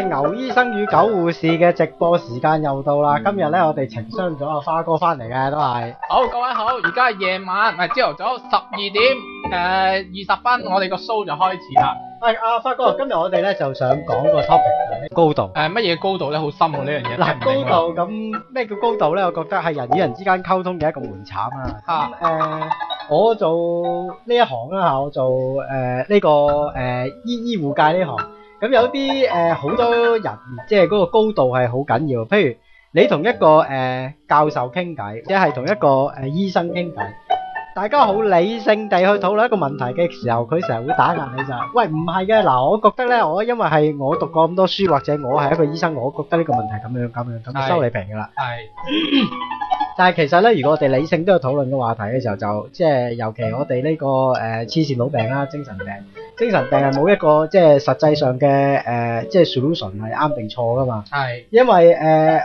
牛醫生與狗護士嘅直播時間又到啦！嗯、今日咧我哋情商咗阿花哥翻嚟嘅都係。好，各位好，而家係夜晚唔係朝頭早十二點誒二十分，我哋個 show 就開始啦。係阿、啊、花哥，今日我哋咧就想講個 topic 高度誒，乜嘢，呃、高度咧？好深喎呢樣嘢。嗱、這個呃，高度咁咩叫高度咧？我覺得係人與人之間溝通嘅一個門檻啊。咁誒、啊嗯呃，我做呢一行啦，啊、吓，我做誒呢、呃呃這個誒、呃、醫醫護界呢行。咁有啲誒，好、呃、多人即係嗰個高度係好緊要。譬如你同一個誒、呃、教授傾偈，即係同一個誒、呃、醫生傾偈，大家好理性地去討論一個問題嘅時候，佢成日會打壓你就係，喂，唔係嘅嗱，我覺得咧，我因為係我讀過咁多書，或者我係一個醫生，我覺得呢個問題咁樣咁樣，咁就收你平噶啦。係。 但係其實咧，如果我哋理性都有討論嘅話題嘅時候就，就即係尤其我哋呢、呢個誒痴線佬病啦，精神病。精神病係冇一個即係實際上嘅誒，即係 solution 係啱定錯噶嘛？係是，因為誒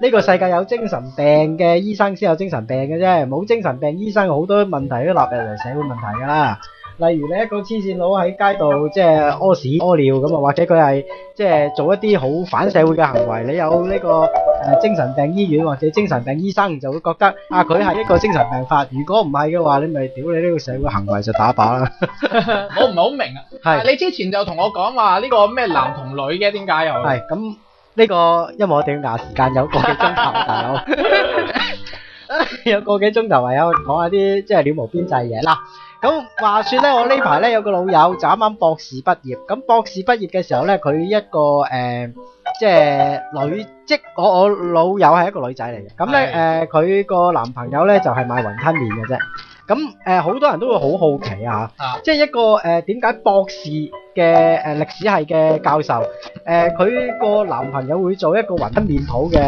呢個世界有精神病嘅醫生先有精神病嘅啫，冇精神病醫生，好多問題都立入嚟社會問題㗎啦。例如你一個黐線佬喺街度即係屙屎屙尿咁啊，或者佢係即係做一啲好反社會嘅行為，你有呢、呢個誒、呃、精神病醫院或者精神病醫生就會覺得啊，佢係一個精神病發，如果唔係嘅話，你咪屌你呢個社會行為就打靶啦。 我唔係好明啊，係 是你之前就同我講話呢個咩男同女嘅，點解又係咁呢個？因為我哋啲時間有個幾鐘頭，大佬 有個幾鐘頭，唯有講下啲即係了無邊際嘢嗱。啦咁話説咧，我呢排咧有個老友就啱啱博士畢業。咁博士畢業嘅時候咧，佢一個誒、呃，即係女職。即我我老友係一個女仔嚟嘅。咁咧誒，佢、呃、個男朋友咧就係賣雲吞麵嘅啫。咁誒，好、呃、多人都會好好奇啊！即係一個誒點解博士嘅誒、呃、歷史系嘅教授，誒佢個男朋友會做一個雲吞麵鋪嘅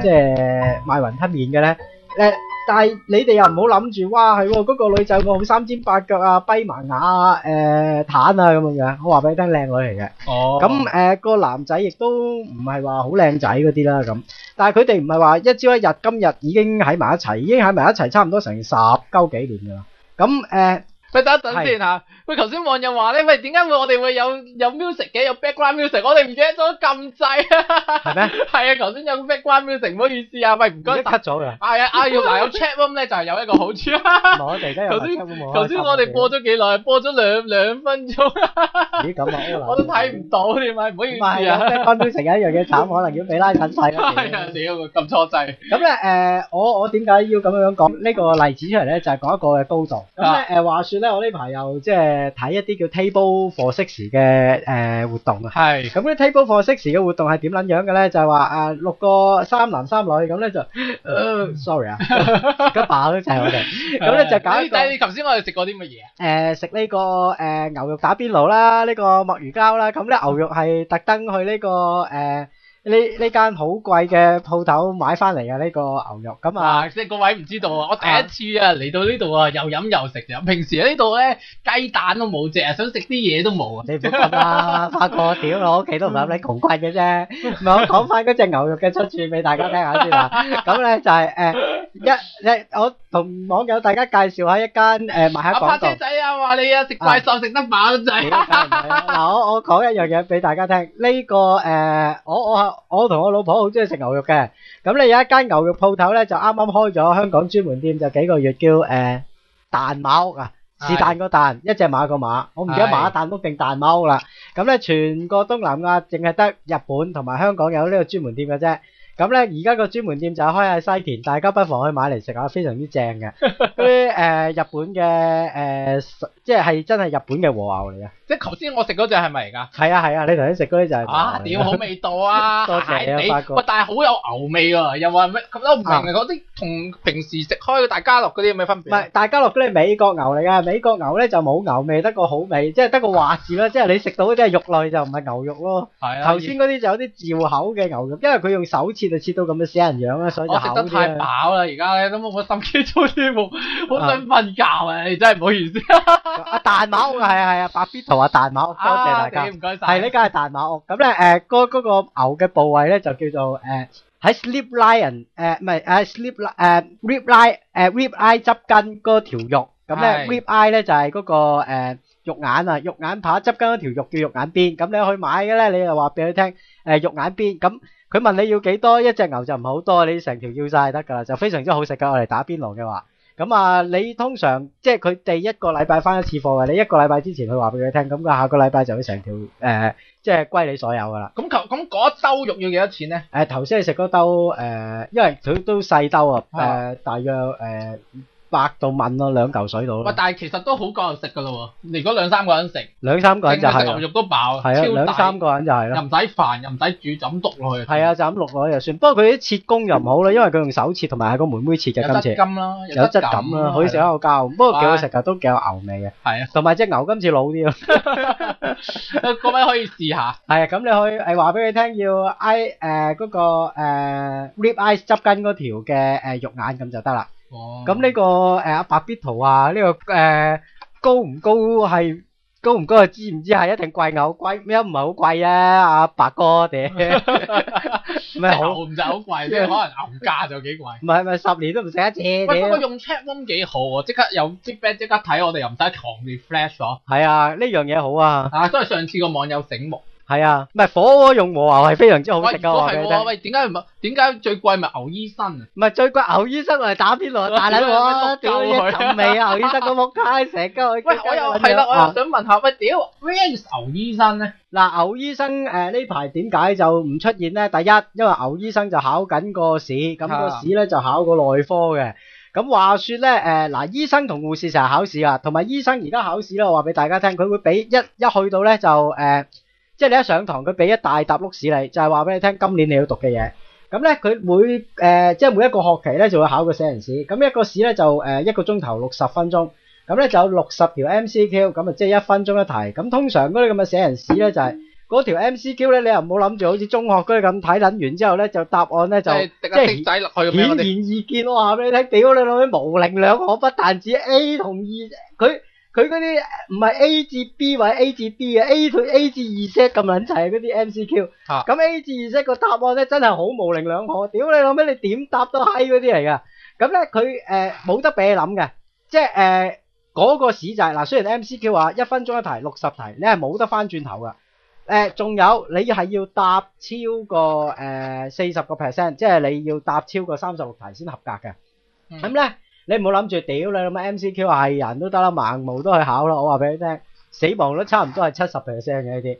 誒，即係賣雲吞麵嘅咧咧。呃但係你哋又唔好諗住，哇係喎，嗰個女仔個好三尖八腳啊，跛盲牙啊，誒，癱啊咁樣樣。我話俾你聽，靚女嚟嘅。哦。咁誒個男仔亦都唔係話好靚仔嗰啲啦咁。但係佢哋唔係話一朝一日，今日已經喺埋一齊，已經喺埋一齊差唔多成十鳩幾年㗎啦。咁誒。呃咪等一等先吓，喂，頭先網友話咧，喂，點解會我哋會有有 music 嘅，有 background music，我哋唔記得咗撳掣啊！係咩？係啊，頭先有 background music，唔好意思啊，喂，唔該，cut 咗啦。係啊，阿玉嗱有 chat room 咁咧，就係有一個好處啦。頭先頭先我哋播咗幾耐？播咗兩兩分鐘。咦，咁啊，我都睇唔到，點解唔可以？唔係啊，background music 一樣嘢慘，可能要俾拉近睇。係啊，屌，撳錯掣。咁咧，誒，我我點解要咁樣講呢個例子出嚟咧？就係講一個嘅高度。咁咧，誒，話說。咧，我呢排又即係睇一啲叫 table for six 嘅，誒、呃、活動啊，係咁咧 table for six 嘅活動係點撚樣嘅咧？就係話啊六個三男三女咁咧就、呃、 ，sorry 啊，家爸都係我哋，咁咧就搞一個。哎、但係頭先我哋食過啲乜嘢啊？誒食呢個誒、呃、牛肉打邊爐啦，呢、呢個墨魚膠啦。咁咧牛肉係特登去呢、呢個誒。呃嗯嗯呢呢間好貴嘅鋪頭買翻嚟嘅呢個牛肉咁啊，即係各位唔知道啊！我第一次啊嚟到呢度啊，又飲又食就。平時喺呢度咧，雞蛋都冇隻啊，想食啲嘢都冇啊！你唔急啊，發哥屌我屋企都唔係你窮困嘅啫。唔係我講翻嗰隻牛肉嘅出處俾大家聽下先啦。咁咧就係誒一一我同網友大家介紹下一間誒賣喺廣東。揸車仔啊，話你啊食怪獸食得猛滯。嗱我我講一樣嘢俾大家聽，呢個誒我我。我同我老婆好中意食牛肉嘅，咁咧有一間牛肉鋪頭咧就啱啱開咗香港專門店，就幾個月叫誒但馬屋啊，是但個但，一隻馬個馬，我唔記得馬但屋定但馬屋啦。咁咧全個東南亞淨係得日本同埋香港有呢個專門店嘅啫。咁咧而家個專門店就開喺西田，大家不妨去買嚟食下，非常之正嘅，嗰啲誒日本嘅誒。即係真係日本嘅和牛嚟噶，即係頭先我食嗰隻係咪嚟噶？係啊係啊，你頭先食嗰啲就係。啊！點好味道啊，蟹底，但係好有牛味喎，啊，又話咩咁都唔明嘅嗰啲，同的平時食開嘅大家樂嗰啲有咩分別？啊？唔係大家樂嗰啲係美國牛嚟噶，美國牛咧就冇牛味得個好味，即係得個滑字啦。 即係你食到嗰啲係肉類就唔係牛肉咯。係啊的。頭先嗰啲就有啲嚼口嘅牛肉，因為佢用手切就切到咁嘅死人樣啦。所以就食得太飽啦，而家咧，咁我心機粗啲冇，好想瞓覺啊！你真係唔好意思。 阿大馬屋，係啊係啊，白 B 同阿大馬屋，多謝大家。係呢間係大馬屋，咁咧誒，嗰嗰個牛嘅部位咧就叫做誒喺 sirloin 誒，唔係誒 sirloin 誒 rib eye 誒 rib eye 執筋嗰條肉，咁咧 rib eye 咧就係嗰個誒肉眼啊，肉眼扒執筋嗰條肉叫肉眼邊，咁你去買嘅咧，你就話俾佢聽誒肉眼邊，咁佢問你要幾多，一隻牛就唔係好多，你成條要晒得噶啦，就非常之好食噶，我哋打邊爐嘅話。咁啊，你通常即係佢哋一個禮拜翻一次貨嘅，你一個禮拜之前佢話俾佢聽，咁佢下個禮拜就會成條誒，即係歸你所有噶啦。咁求咁嗰兜肉要幾多錢咧？誒、呃，頭先你食嗰兜誒，因為佢都細兜啊，誒、呃，大約誒。呃百度問咯，兩嚿水度啦。喂，但係其實都好夠人食噶咯，嚟嗰兩三個人食，兩三個人就食牛肉都飽，超大。係啊，兩三個人就係咯，又唔使煩，又唔使煮枕篤落去。係啊，就咁碌落去就算。不過佢啲切工又唔好啦，因為佢用手切，同埋係個妹妹切嘅金切。有質感啦，好食喺度交。不過幾好食噶，都幾有牛味嘅。係啊，同埋隻牛今次老啲咯。各位可以試下？係啊，咁你可以誒，話俾佢聽要 I 誒嗰個誒 rib eyes 執根嗰條嘅誒肉眼咁就得啦。咁呢、哦這個誒阿白 B 圖啊，呢、這個誒、呃、高唔高係高唔高知知啊？知唔知係一定貴牛貴咩？唔係好貴啊，阿白哥屌，唔係好唔使好貴啫，可能牛價就幾貴。唔係係十年都唔使一次。喂，不過用 Check One 幾好啊，即刻有 z 即刻睇，我哋又唔使狂 refresh 咗。係啊，呢樣嘢好啊。啊，都係上次個網友醒目。係啊，唔係火鍋用和牛係非常之好食噶。喂，係喎，喂，點解唔點解最貴咪牛醫生？唔係最貴牛醫生係打邊爐啊，大佬啊，屌一枕味牛醫生咁撲街成鳩。喂，我又係啦，我又想問下，喂，屌咩叫牛醫生咧？嗱，牛醫生誒呢排點解就唔出現咧？第一，因為牛醫生就考緊個試，咁個試咧就考個內科嘅。咁話說咧，誒嗱，醫生同護士成日考試啊，同埋醫生而家考試咧，我話俾大家聽，佢會俾一一去到咧就誒。即係你一上堂，佢俾一大沓碌屎你，就係話俾你聽今年你要讀嘅嘢。咁咧，佢每誒即係每一個學期咧，就會考個寫人史。咁一個史咧就誒一個鐘頭六十分鐘。咁咧就有六十條 MCQ，咁啊即係一分鐘一題。咁通常嗰啲咁嘅寫人史咧就係嗰條 MCQ 咧，你又唔好諗住好似中學居咁睇捻完之後咧，就答案咧就即係顯然易見。我話俾你聽，屌你老味，模稜兩可，不但止 A 同 E，佢。佢嗰啲唔係 A 至 B 位 A 至 B 嘅 A 佢 A 至二 set 咁撚齊嗰啲 MCQ，咁 A 至二 set 個答案咧真係好模棱兩可，屌你老味你點答都閪嗰啲嚟噶。咁咧佢誒冇得俾你諗嘅，即係誒嗰個屎就嗱，雖然 MCQ 話一分鐘一題六十題，你係冇得翻轉頭噶。誒、呃、仲有你係要答超過誒四十個 percent，即係你要答超過三十六題先合格嘅。咁咧、嗯。你唔好諗住屌你，咁樣 M C Q 係人都得啦，盲毛都去考啦。我話俾你聽，死亡率差唔多係七十 percent 嘅呢啲。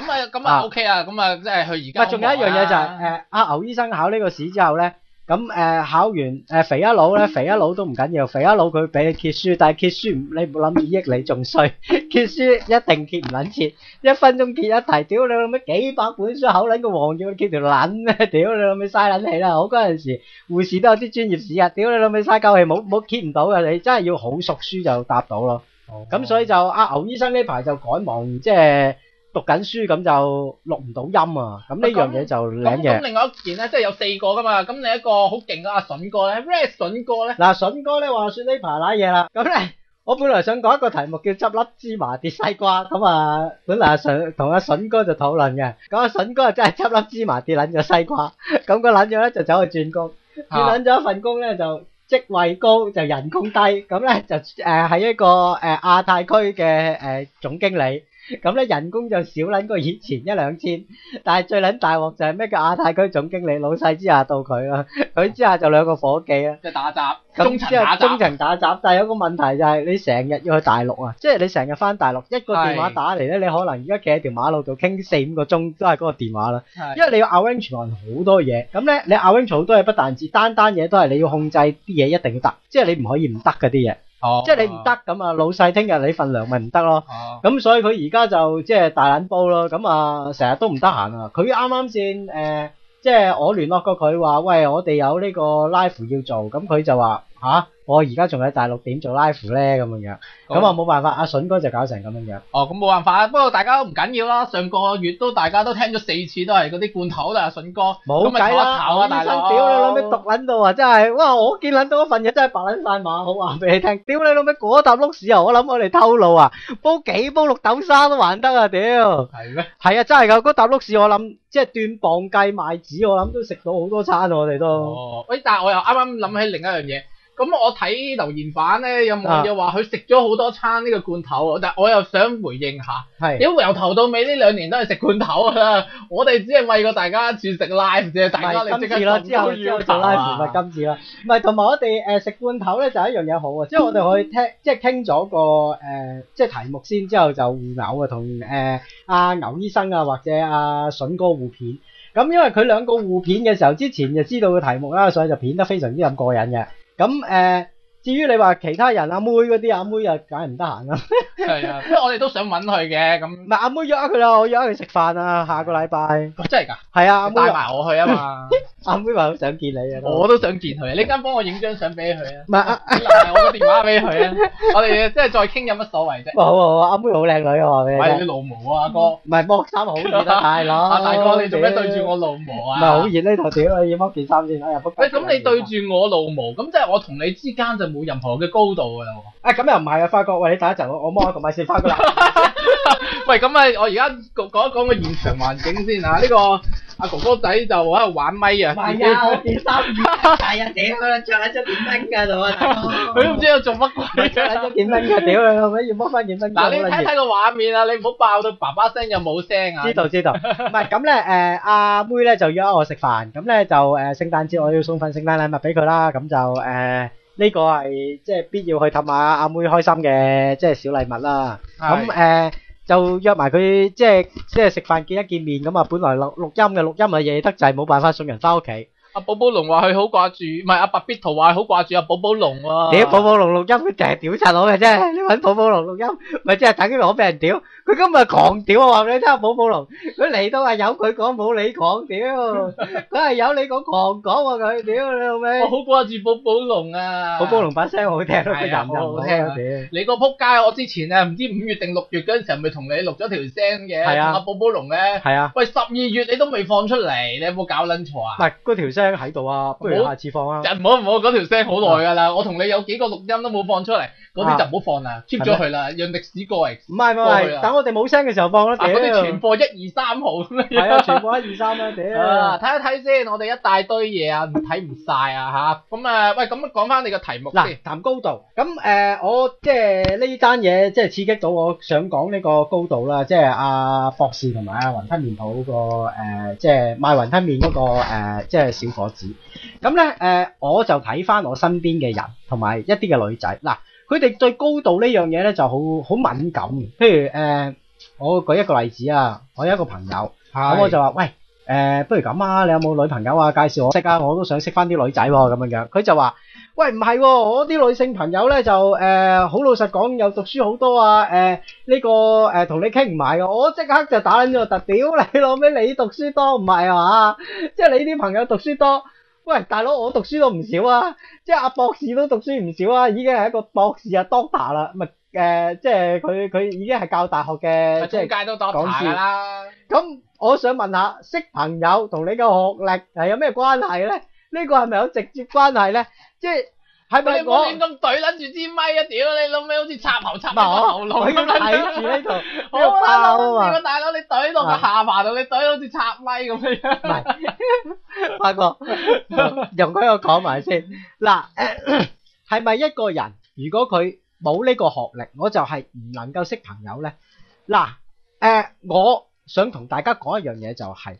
咁啊咁啊 OK 啊，咁啊即係佢而家。仲有一樣嘢就係、是、誒，阿、呃、牛醫生考呢個試之後咧。咁誒、嗯，考完誒、呃，肥一佬咧，肥一佬都唔緊要緊，肥一佬佢俾你揭書，但係揭書唔，你冇諗住益你仲衰，揭書一定揭唔捻切，一分鐘揭一題，屌你老味幾百本書口捻個王叫你揭條捻咩？屌你老味嘥捻氣啦！我嗰陣時，護士都有啲專業史啊，屌你老味嘥鳩氣，冇冇揭唔到噶，你真係要好熟書就答到咯。咁、哦、所以就阿牛醫生呢排就趕忙即係。讀緊書咁就錄唔到音啊！咁呢樣嘢就靚嘅。咁咁另外一件咧，即係有四個噶嘛。咁另一個好勁嘅阿笋哥咧，咩笋哥咧，嗱，笋哥咧，話說呢排瀨嘢啦。咁咧，我本來想講一個題目叫執粒芝麻跌西瓜。咁啊，本來阿笋同阿笋哥就討論嘅。咁阿笋哥啊，真係執粒芝麻跌捻咗西瓜。咁個捻咗咧，就走去轉工。佢捻咗一份工咧，就職位高就人工低。咁咧就誒喺一個誒亞太區嘅誒總經理。咁咧人工就少捻過以前一兩千，但係最捻大鑊就係咩叫亞太區總經理老細之下到佢啊，佢之下就兩個伙計啊，即係打雜，中層打雜，中層打雜。但係有個問題就係你成日要去大陸啊，即係你成日翻大陸，一個電話打嚟咧，你可能而家企喺條馬路度傾四五個鐘都係嗰個電話啦。係，因為你要 arrange 處理好多嘢，咁咧你 arrange 處理好多嘢不但止，單單嘢都係你要控制啲嘢一定要得，即係你唔可以唔得嗰啲嘢。即係你唔得咁啊，老細聽日你份糧咪唔得咯。咁 所以佢而家就即係大攬煲咯。咁啊，成日都唔得閒啊。佢啱啱先誒，即係我聯絡過佢話：「喂，我哋有呢個 live 要做。」咁佢就話：啊「吓！」我而家仲喺大陸點做 live 咧，咁樣、哦、樣咁啊，冇辦法，阿筍哥就搞成咁樣樣。哦，咁冇辦法啊，不過大家都唔緊要啦。上個月都大家都聽咗四次都係嗰啲罐頭啦，阿筍哥冇計啦，屌你老味毒撚到啊！真係哇，我見撚到一份嘢真係白撚晒馬，好話俾你聽。屌你老味嗰一沓碌屎油，我諗我哋偷路啊，煲幾煲綠豆沙都還得啊！屌係咩？係嗎啊，真係㗎，嗰一沓碌屎，我諗即係斷磅計賣紙，我諗都食到好多餐我哋都。喂、哦，但係我又啱啱諗起另一樣嘢。咁、嗯、我睇留言版咧，有冇又話佢食咗好多餐呢個罐頭，但我又想回應下，因為由頭到尾呢兩年都係食罐頭啦。我哋只係為過大家轉食 live 大家你即刻同步要食罐頭。唔係今次啦，唔係同埋我哋誒食罐頭咧就一樣嘢好啊，嗯、即係我哋可以聽即係傾咗個誒、呃、即係題目先，之後就互咬啊，同誒阿牛醫生啊或者阿、啊、筍哥互片。咁因為佢兩個互片嘅時候之前就知道個題目啦，所以就片得非常之咁過癮嘅。咁誒。至於你話其他人阿妹嗰啲阿妹又梗係唔得閒啦，係啊，我哋都想揾佢嘅咁。唔係阿妹約啊佢啦，我約佢食飯啊，下個禮拜。真係㗎？係啊，帶埋我去啊嘛。阿妹話好想見你啊，我都想見佢啊。你而家幫我影張相俾佢啊，唔係我個電話俾佢啊。我哋即係再傾有乜所謂啫？好好阿妹好靚女喎。唔係你老毛啊，阿哥，唔係剝衫好得。係咯，阿大哥你做咩對住我老毛啊？唔係好熱呢度，屌！你要剝件衫先，我又不。喂，咁你對住我老毛，咁即係我同你之間就？冇任何嘅高度啊！又啊咁又唔係啊？發覺喂，你等一陣，我我摸下個咪先。發覺啦，喂咁啊！我而家講一講個現場環境先啊。呢個阿哥哥仔就喺度玩咪啊。係啊，我變心。係啊，屌你，着喺出面兵噶，做啊大哥。佢都唔知我做乜嘅，着喺出面兵噶，屌你，我而家要摸翻件兵。嗱，你睇睇個畫面啊！你唔好爆到爸爸聲又冇聲啊。知道知道，唔係咁咧。誒，阿妹咧就約我食飯，咁咧就誒，聖誕節我要送份聖誕禮物俾佢啦。咁就誒。呢個係即係必要去氹下阿妹，妹開心嘅，即係小禮物啦。咁誒是、嗯呃、就約埋佢，即係即係食飯見一見面。咁啊，本來錄音錄音嘅，錄音啊夜得滯，冇辦法送人返屋企。阿寶寶龍話佢好掛住，唔係阿白 B 圖話好掛住阿寶寶龍喎。你阿寶寶龍錄音，佢淨係屌柒我嘅啫。你搵寶寶龍錄音，咪即係等於我俾人屌。佢今日狂屌我話俾你聽寶寶龍，佢嚟到話有佢講冇你狂屌，佢係有你講狂講啊佢屌你老味？我好掛住寶寶龍啊！寶寶龍把聲好聽咯，個人音好聽。你個仆街，我之前啊唔知五月定六月嗰陣時候咪同你錄咗條聲嘅，同阿寶寶龍咧。係啊。喂，十二月你都未放出嚟，你有冇搞撚錯啊？唔係嗰條聲。聲喺度啊，不如下次放啊，唔好唔好，嗰條聲好耐㗎啦。我同你有幾個錄音都冇放出嚟，嗰啲就唔好放啦，keep 咗佢啦，讓歷史過嚟。唔係唔係，等我哋冇聲嘅時候放咯。嗰啲全播一二三號，係啊，全播一二三啦。睇一睇先，我哋一大堆嘢啊，睇唔晒啊吓，咁啊，喂，咁講翻你個題目先，談高度。咁誒，我即係呢單嘢即係刺激到我，想講呢個高度啦。即係阿博士同埋阿雲吞麵鋪個誒，即係賣雲吞麵嗰個誒，即係小。個字咁咧，誒、呃、我就睇翻我身邊嘅人同埋一啲嘅女仔嗱，佢哋對高度呢樣嘢咧就好好敏感嘅。譬如誒、呃，我舉一個例子啊，我有一個朋友咁，是我就話：喂，誒、呃，不如咁啊，你有冇女朋友啊？介紹我識啊，我都想識翻啲女仔喎、啊。咁樣樣，佢就話。喂，唔係我啲女性朋友咧，就誒好、呃、老實講，有讀書好多啊。誒、呃、呢、這個誒同、呃、你傾唔埋嘅，我即刻就打緊咗，特屌你攞咩？你讀書多唔係啊？即係你啲朋友讀書多。喂，大佬，我讀書都唔少啊，即係阿博士都讀書唔少啊，已經係一個博士啊 doctor 啦，唔係誒，即係佢佢已經係教大學嘅，即係中介都 doctor 啦。咁我想問下，識朋友同你嘅學歷係有咩關係咧？呢、這個係咪有直接關係咧？即係咪我亂咁懟捻住支咪啊？屌你老尾，好似插頭插你個喉嚨咁樣。懟住呢度，好啦，大佬，大佬，你懟到個下巴度，你懟好似插咪咁樣。唔係，八哥，容歸我講埋先。嗱，誒，係咪一個人如果佢冇呢個學歷，我就係唔能夠識朋友咧？嗱，誒，我想同大家講一樣嘢就係，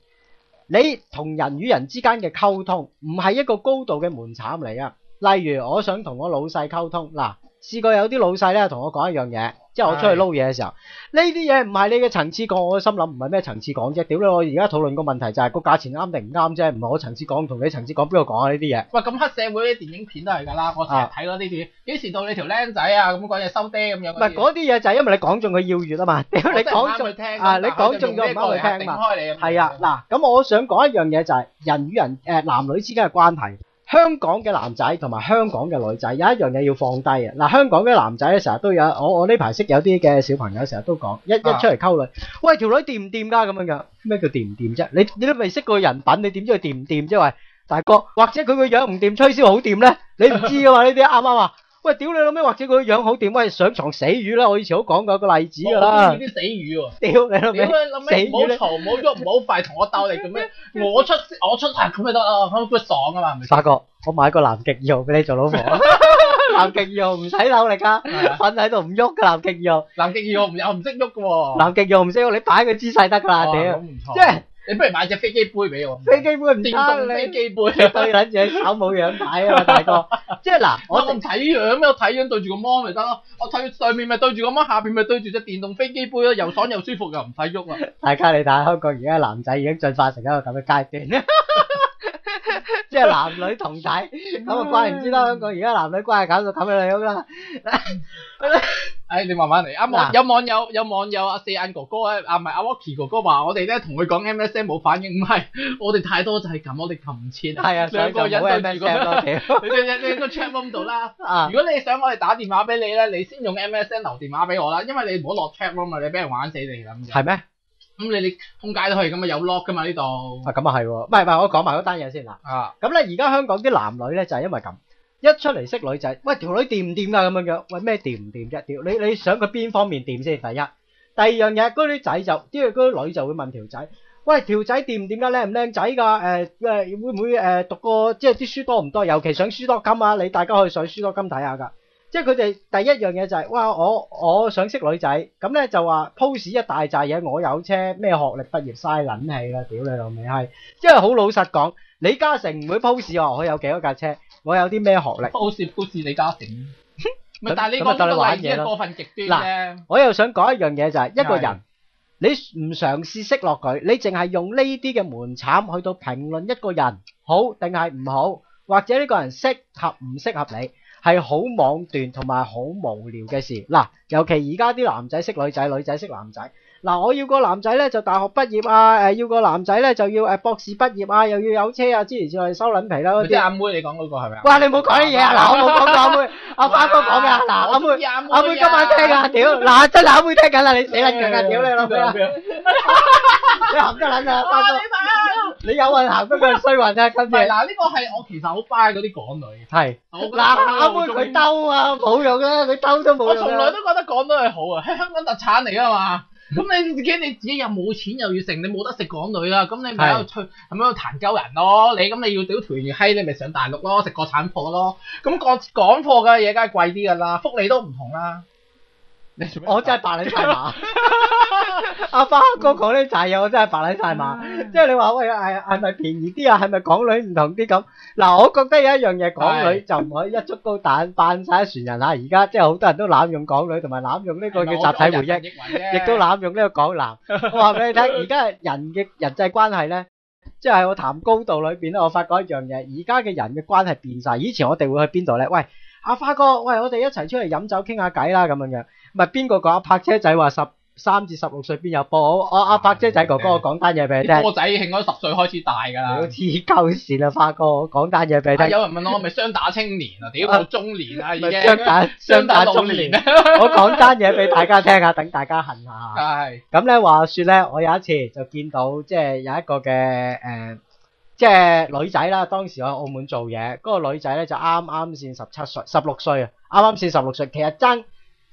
你同人與人之間嘅溝通唔係一個高度嘅門檻嚟啊！例如，我想同我老細溝通嗱，試過有啲老細咧同我講一樣嘢，即係我出去撈嘢嘅時候，呢啲嘢唔係你嘅層次講，我嘅心諗唔係咩層次講啫。屌你，我而家討論個問題就係個價錢啱定唔啱啫，唔係我層次講，同你層次講，邊度講啊呢啲嘢？喂，咁黑社會啲電影片都係噶啦，我成日睇嗰啲片，幾、啊、時到你條僆仔啊咁講嘢收爹咁樣？唔係嗰啲嘢就係因為你講中佢要穴啊嘛，你講中聽啊，你講中咗，聽啊的，你講中佢聽啊。係啊，嗱，咁我想講一樣嘢就係、是、人與人誒男女之間嘅關係。香港嘅男仔同埋香港嘅女仔有一樣嘢要放低啊！嗱，香港嘅男仔咧成日都有，我我呢排識有啲嘅小朋友成日都講，一一出嚟溝女，啊、喂條女掂唔掂噶咁樣噶？咩叫掂唔掂啫？你你都未識過人品，你點知佢掂唔掂啫？喂，大哥，或者佢個樣唔掂，吹簫好掂咧？你唔知噶嘛？呢啲啱啱啊？ 喂，屌你老味，或者佢樣好點？喂，上床死魚啦！我以前好講過一個例子噶啦。我啲死魚喎。屌你老味，死魚冇嘈，冇喐，唔好快同我鬥嚟做咩？我出，我出，係咁咪得咯，咁佢爽啊嘛？發覺我買個南極肉俾你做老婆。南極肉唔使扭力噶，瞓喺度唔喐噶。南極肉！南極肉唔又唔識喐噶喎。南極肉唔識喐，你擺佢姿勢得噶啦。屌，即係。你不如買隻飛機杯俾我，飛機杯唔啱你，電動飛機杯對緊隻手冇樣睇啊，嘛，大哥。即係嗱，我咁睇樣，我睇樣對住個芒咪得咯，我睇上面咪對住個芒，下邊咪對住隻電動飛機杯咯，又爽又舒服又唔使喐啊！ 大家你睇下，香港而家男仔已經進化成一個咁嘅階段。 即係男女同體，咁 啊怪唔知啦，我而家男女關係搞到咁樣啦。哎， 你慢慢嚟，一、啊啊、有網友有網友阿、啊、四眼哥哥啊，唔係阿 Walkie 哥哥話我哋咧同佢講 M S N 冇反應，唔係我哋太多就係咁，我哋唔切。係啊，兩個人對住個你你你個 chat room 度啦。 如果你想我哋打電話俾你咧，你先用、MS、M S N 留電話俾我啦，因為你唔好落 chat 啊嘛，你俾人玩死你咁。係咩？ 咁、嗯、你你通街都可以咁啊，有 lock 噶嘛呢度？啊，咁啊係喎，唔係唔係，我講埋嗰單嘢先嗱，啊，咁咧而家香港啲男女咧就係因為咁，一出嚟識女仔，喂，條女掂唔掂噶咁樣樣？喂咩掂唔掂啫？掂、啊、你你想佢邊方面掂先、啊？第一，第二樣嘢，嗰啲仔就即係嗰啲女就會問條仔，喂，條仔掂唔掂啊？靚唔靚仔噶？誒誒、啊呃，會唔會誒、呃、讀過即係啲書多唔多？尤其上書多金啊！你大家可以上書多金睇下噶。即係佢哋第一樣嘢就係哇，我我想識女仔咁咧就話 pose 一大扎嘢，我有車咩學歷畢業嘥撚氣啦，屌你老味閪！即係好老實講，李嘉誠唔會 pose 我，我有幾多架車，我有啲咩學歷。pose pose 李嘉誠，咪但係呢個就係已經過分極端嘅。嗱，我又想講一樣嘢就係一個人，你唔嘗試識落佢，你淨係用呢啲嘅門檻去到評論一個人好定係唔好，或者呢個人適合唔適合你。係好妄斷同埋好無聊嘅事。嗱、啊，尤其而家啲男仔識女仔，女仔識男仔。嗱，我要個男仔咧就大學畢業啊，誒，要個男仔咧就要誒博士畢業啊，又要有車啊，諸如此類收捻皮啦嗰啲。即係阿妹，你講嗰個係咪啊？哇，你冇講啲嘢啊！嗱，我冇講過阿妹，阿花哥講咩啊？嗱，阿妹，阿妹今晚聽啊！屌，嗱真係阿妹聽緊啦！你死啦！你啊！屌你老母啊！你行得捻啊！花哥，你有運行得，佢係衰運啫，今次。嗱，呢個係我其實好 buy 嗰啲港女，係。嗱，阿妹你兜啊，冇用啦，你兜都冇用啦。我從來都覺得港女好啊，係香港特產嚟噶嘛。咁你自己你自己又冇錢又要食，你冇得食港女啦。咁你咪喺度吹，咁樣度是的 彈鳩人咯。你咁你要屌屯越閪，你咪上大陸咯，食國產貨咯。咁國港貨嘅嘢梗係貴啲㗎啦，福利都唔同啦。我真係白你晒馬，阿花哥講啲雜嘢，我真係白你晒馬。即係你話喂，係係咪便宜啲啊？係咪港女唔同啲咁嗱？我覺得有一樣嘢，港女就唔可以一竹篙淡扮晒一船人吓。而家即係好多人都濫用港女，同埋濫用呢個叫集體回憶，亦都濫用呢個港男。我話俾你聽，而家人嘅人際關係咧，即係我談高度裏邊咧，我發覺一樣嘢，而家嘅人嘅關係變晒。以前我哋會去邊度咧？喂，阿花哥，喂，我哋一齊出嚟飲酒傾下偈啦，咁樣樣。唔係邊個講，阿柏車仔話十三至十六歲邊有播？我阿柏車仔哥、啊、哥，我講單嘢俾你聽。波仔應該十歲開始大噶啦。好似舊時啦，發哥，講單嘢俾你聽。有人問我，係咪雙打青年啊？點啊中年啊？雙打雙打中年。啊、我講單嘢俾大家聽下，等大家恨下。係是。咁咧、嗯，話說咧，我有一次就見到即係、就是、有一個嘅誒，即、呃、係、就是、女仔啦。當時我喺澳門做嘢，嗰、那個女仔咧就啱啱先十七歲，十六歲啊，啱啱先十六歲。其實爭。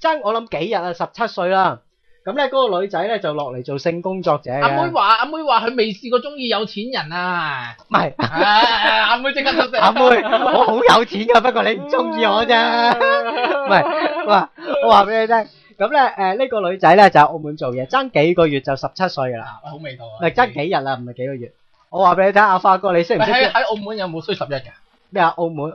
爭我諗幾日啊，十七歲啦。咁咧，嗰個女仔咧就落嚟做性工作者。阿妹話：阿妹話佢未試過中意有錢人啊。唔係，阿妹即刻出聲。阿妹，我好有錢噶，不過你唔中意我咋？唔係，我話我話俾你聽。咁咧，誒呢個女仔咧就喺澳門做嘢，爭幾個月就十七歲噶啦。好味道啊。唔係爭幾日啦，唔係幾個月。我話俾你聽，阿發哥你識唔識？喺喺澳門有冇衰十一噶咩啊？澳門？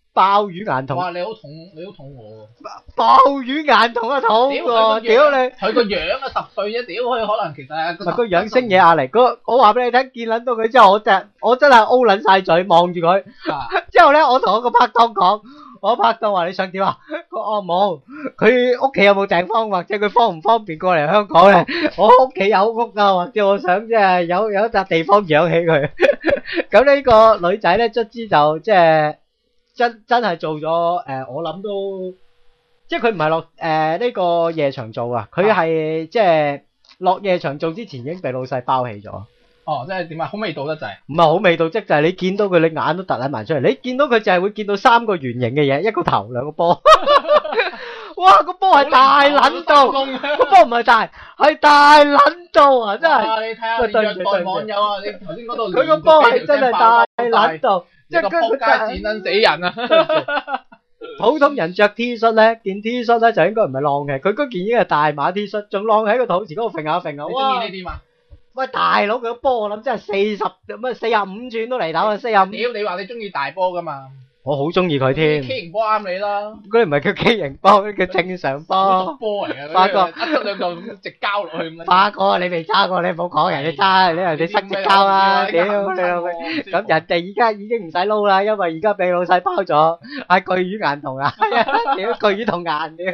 鮑魚眼痛，哇！你好痛，你好痛我喎。鮑魚眼痛啊，痛喎！屌你，佢個樣啊，十歲啫，屌佢可能其實係個個養星嘢嚟。個我話俾你聽，見捻到佢之後，我真我真係烏捻晒嘴望住佢。之後咧，我同我個 partner 講，我 partner 話你想點啊？我冇，佢屋企有冇地方，或者佢方唔方便過嚟香港咧？我屋企有屋噶，或者我想即係有有一笪地方養起佢。咁呢個女仔咧，卒之就即係。真真係做咗誒、呃，我諗都即係佢唔係落誒呢、呃這個夜場做啊，佢係即係落夜場做之前已經俾老細包起咗。哦，即係點啊？好味道得滯？唔係好味道，即係就係、是、你見到佢，你眼都凸捻埋出嚟。你見到佢就係會見到三個圓形嘅嘢，一個頭，兩個波。 哇，個波係大捻度，個波唔係大，係大捻度啊！真係。你睇下，你個對網友啊，你頭先嗰度。佢個波係真係大捻度。但 即係扑街紙捻死人啊！ 普通人着 T 恤咧，件 T 恤咧就應該唔係晾嘅，佢嗰件已經係大碼 T 恤，仲晾喺個肚臍嗰度揈下揈下。你中意呢啲嘛！喂，大佬佢個波，我諗真係四十，乜四十五吋都嚟打啦，四十五吋。屌，你話你中意大波噶嘛？我好中意佢添，K 型波啱你啦，嗰啲唔係叫 K 型波，叫正常波，波嚟噶，發哥一粒兩嚿直交落去咁啊！發哥你未揸過，你唔好講人，你揸，你人哋失直交啊！屌，咁人哋而家已經唔使撈啦，因為而家俾老細包咗啊！巨魚眼同啊，屌巨魚同眼，屌！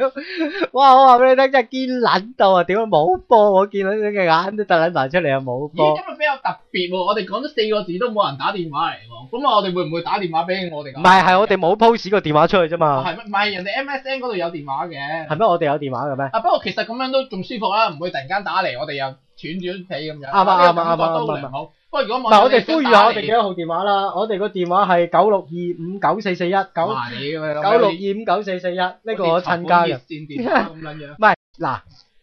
哇，我話俾你聽，真係堅撚到啊！屌冇波，我見到你嘅眼都凸撚埋出嚟啊，冇波。咦，今日比較特別喎，我哋講咗四個字都冇人打電話嚟喎，咁啊，我哋會唔會打電話俾我哋係係，我哋冇 post 個電話出去啫嘛。係咩？唔係人哋 MSN 嗰度有電話嘅。係咩？我哋有電話嘅咩？啊，不過其實咁樣都仲舒服啦，唔會突然間打嚟，我哋又斷斷哋咁樣。啱啊啱啊啱啊唔唔唔。喂，如果唔係咧，唔使打嚟。嗱，我哋呼籲下我哋幾多號電話啦。我哋個電話係九六二五九四四一九九六二五九四四一。呢個我親家嘅。唔係嗱，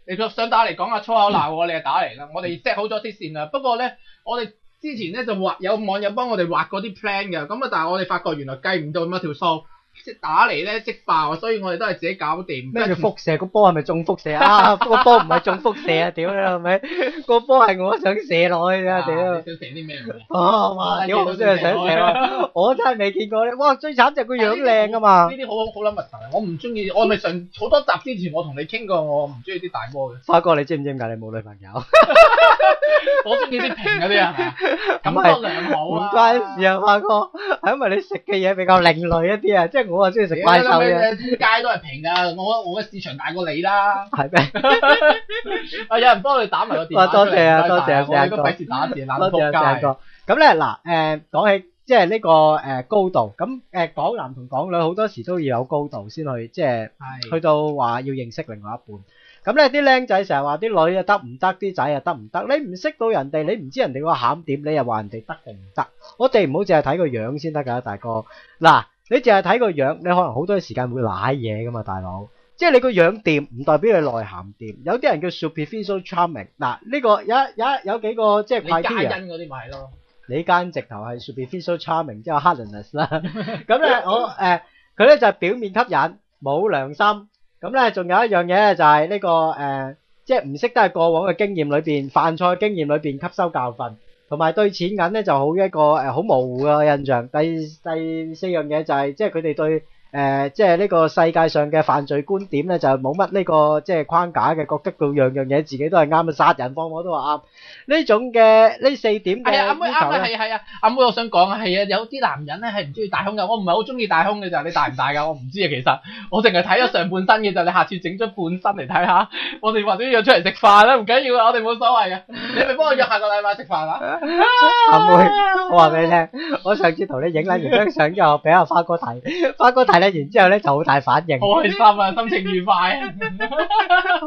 你想打嚟講下粗口鬧我，你就打嚟啦。我哋 set 好咗熱線啦。不過咧，我哋。之前咧就畫有網友幫我哋畫過啲 plan 嘅，咁啊，但係我哋發覺原來計唔到咁多條數，即打嚟咧即爆，所以我哋都係自己搞掂。咩叫輻射？個波係咪中輻射啊？個波唔係中輻射啊！屌你係咪？個波係我想射落去咋屌！啊、你想射啲咩、哦、哇！屌你啊！我真係未見過咧。哇！最慘就係佢樣靚啊嘛。呢啲好好撚密神，我唔中意，我咪上好多集之前我同你傾過，我唔中意啲大波嘅。發 哥你知唔知點解你冇女朋友？ 我中意啲平嗰啲啊，咁係唔關事啊，阿哥，係因為你食嘅嘢比較另類一啲啊，即係我啊中意食怪獸嘅。街都係平噶，我我嘅市場大過你啦。係咩？啊！有人幫你打埋個電話多謝啊，多謝啊，打多謝、啊、多謝、啊、多謝、啊。咁咧嗱，誒、啊，講、呃、起即係呢個誒高度，咁誒港男同港女，好多時都要有高度先去，即、就、係、是、的去到話要認識另外一半。咁咧啲僆仔成日話啲女啊得唔得？啲仔啊得唔得？你唔識到人哋，你唔知人哋個餡點，你又話人哋得定唔得？我哋唔好淨係睇個樣先得噶，大哥。嗱，你淨係睇個樣，你可能好多時間會舐嘢噶嘛，大佬。即係你個樣掂，唔代表你內涵掂。有啲人叫 superficial charming。嗱，呢個有有有，有幾個即係派啲人。嗰啲咪係咯。你加直頭係 superficial charming 即係 hollowness 啦。咁 咧，我誒佢咧就係、表面吸引，冇良心。咁咧，仲、嗯、有一樣嘢咧，就係呢個誒，即係唔識得喺過往嘅經驗裏邊，犯錯經驗裏邊吸收教訓，同埋對錢銀咧就好一個誒，好、呃、模糊嘅印象。第第四樣嘢就係、是、即係佢哋對。誒、呃，即係呢個世界上嘅犯罪觀點咧，就冇乜呢個即係框架嘅，覺得到樣各樣嘢自己都係啱嘅，殺人放火都話啱。呢種嘅呢四點嘅，係啊，阿妹啱啊，係啊，阿妹我想講啊，係啊，有啲男人咧係唔中意大胸㗎，我唔係好中意大胸嘅就係你大唔大㗎， 我唔知啊其實，我淨係睇咗上半身嘅就你下次整咗半身嚟睇下，我哋或者約出嚟食飯啦，唔緊要啊，我哋冇所謂嘅，你咪幫我約下個禮拜食飯啊，阿、 啊、妹， 我話俾你聽，我上次同你影緊完張相之後，俾阿花哥睇，花哥睇。聽完之後咧，就好大反應，好開心啊，心情愉快。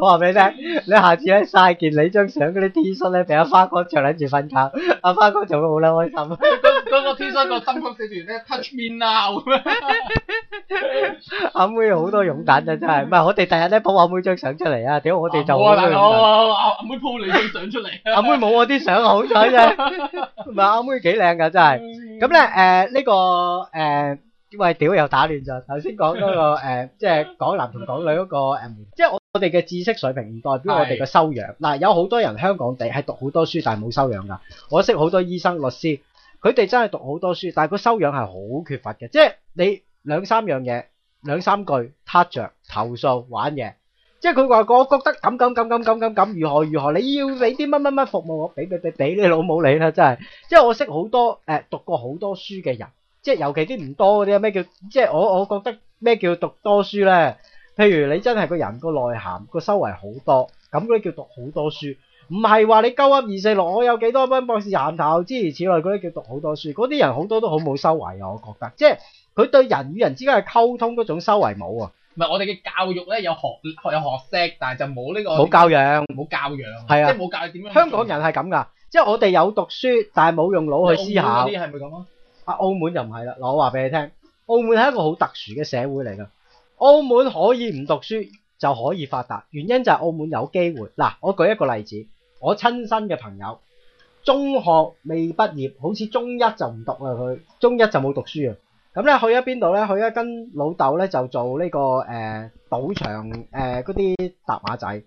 我話俾你聽，你下次咧晒件你張相嗰啲 T 恤咧俾阿花哥，着諗住瞓覺，阿花哥就會好啦開心。嗰、嗰個 T 恤個心口寫住咧 Touch Me Now 咁樣。阿妹好多勇敢嘅真係，唔係我哋第日咧 po 阿妹張相出嚟啊，屌我哋就好多勇敢。阿、阿妹 po 你張相出嚟，阿妹冇我啲相好彩啫。唔係阿妹幾靚噶，真係，咁咧誒呢個誒。因喂，屌又打亂咗、那個！頭先講嗰個、呃、即係港男同港女嗰個誒，即係我哋嘅知識水平唔代表我哋嘅修養是。嗱，有好多人香港地係讀好多書，但係冇修養噶。我識好多醫生、律師，佢哋真係讀好多書，但係佢修養係好缺乏嘅。即係你兩三樣嘢，兩三句，攤著投訴玩嘢。即係佢話我覺得咁咁咁咁咁咁，如何如何？你要俾啲乜乜乜服務我？俾俾俾俾你老母你啦！真係。即係我識好多誒，讀過好多書嘅人。即係尤其啲唔多嗰啲啊，咩叫即係我我覺得咩叫讀多書咧？譬如你真係個人個內涵個修為好多，咁嗰啲叫讀好多書，唔係話你鳩噏二四六，我有幾多蚊博士銜頭之，諸如此類嗰啲叫讀好多書。嗰啲人好多都好冇修為啊，我覺得。即係佢對人與人之間嘅溝通嗰種修為冇啊。唔係我哋嘅教育咧有學有學,有學識，但係就冇呢、呢個冇教養，冇教養。係啊的，即係冇教點樣。香港人係咁噶，即係我哋有讀書，但係冇用腦去思考。啲係咪咁啊？啊！澳門就唔係啦，嗱，我話俾你聽，澳門係一個好特殊嘅社會嚟噶。澳門可以唔讀書就可以發達，原因就係澳門有機會。嗱，我舉一個例子，我親身嘅朋友，中學未畢業，好似中一就唔讀啦，佢中一就冇讀書啊。咁咧去咗邊度咧？去咗跟老豆咧就做呢、呢個誒、呃、賭場誒嗰啲搭馬仔。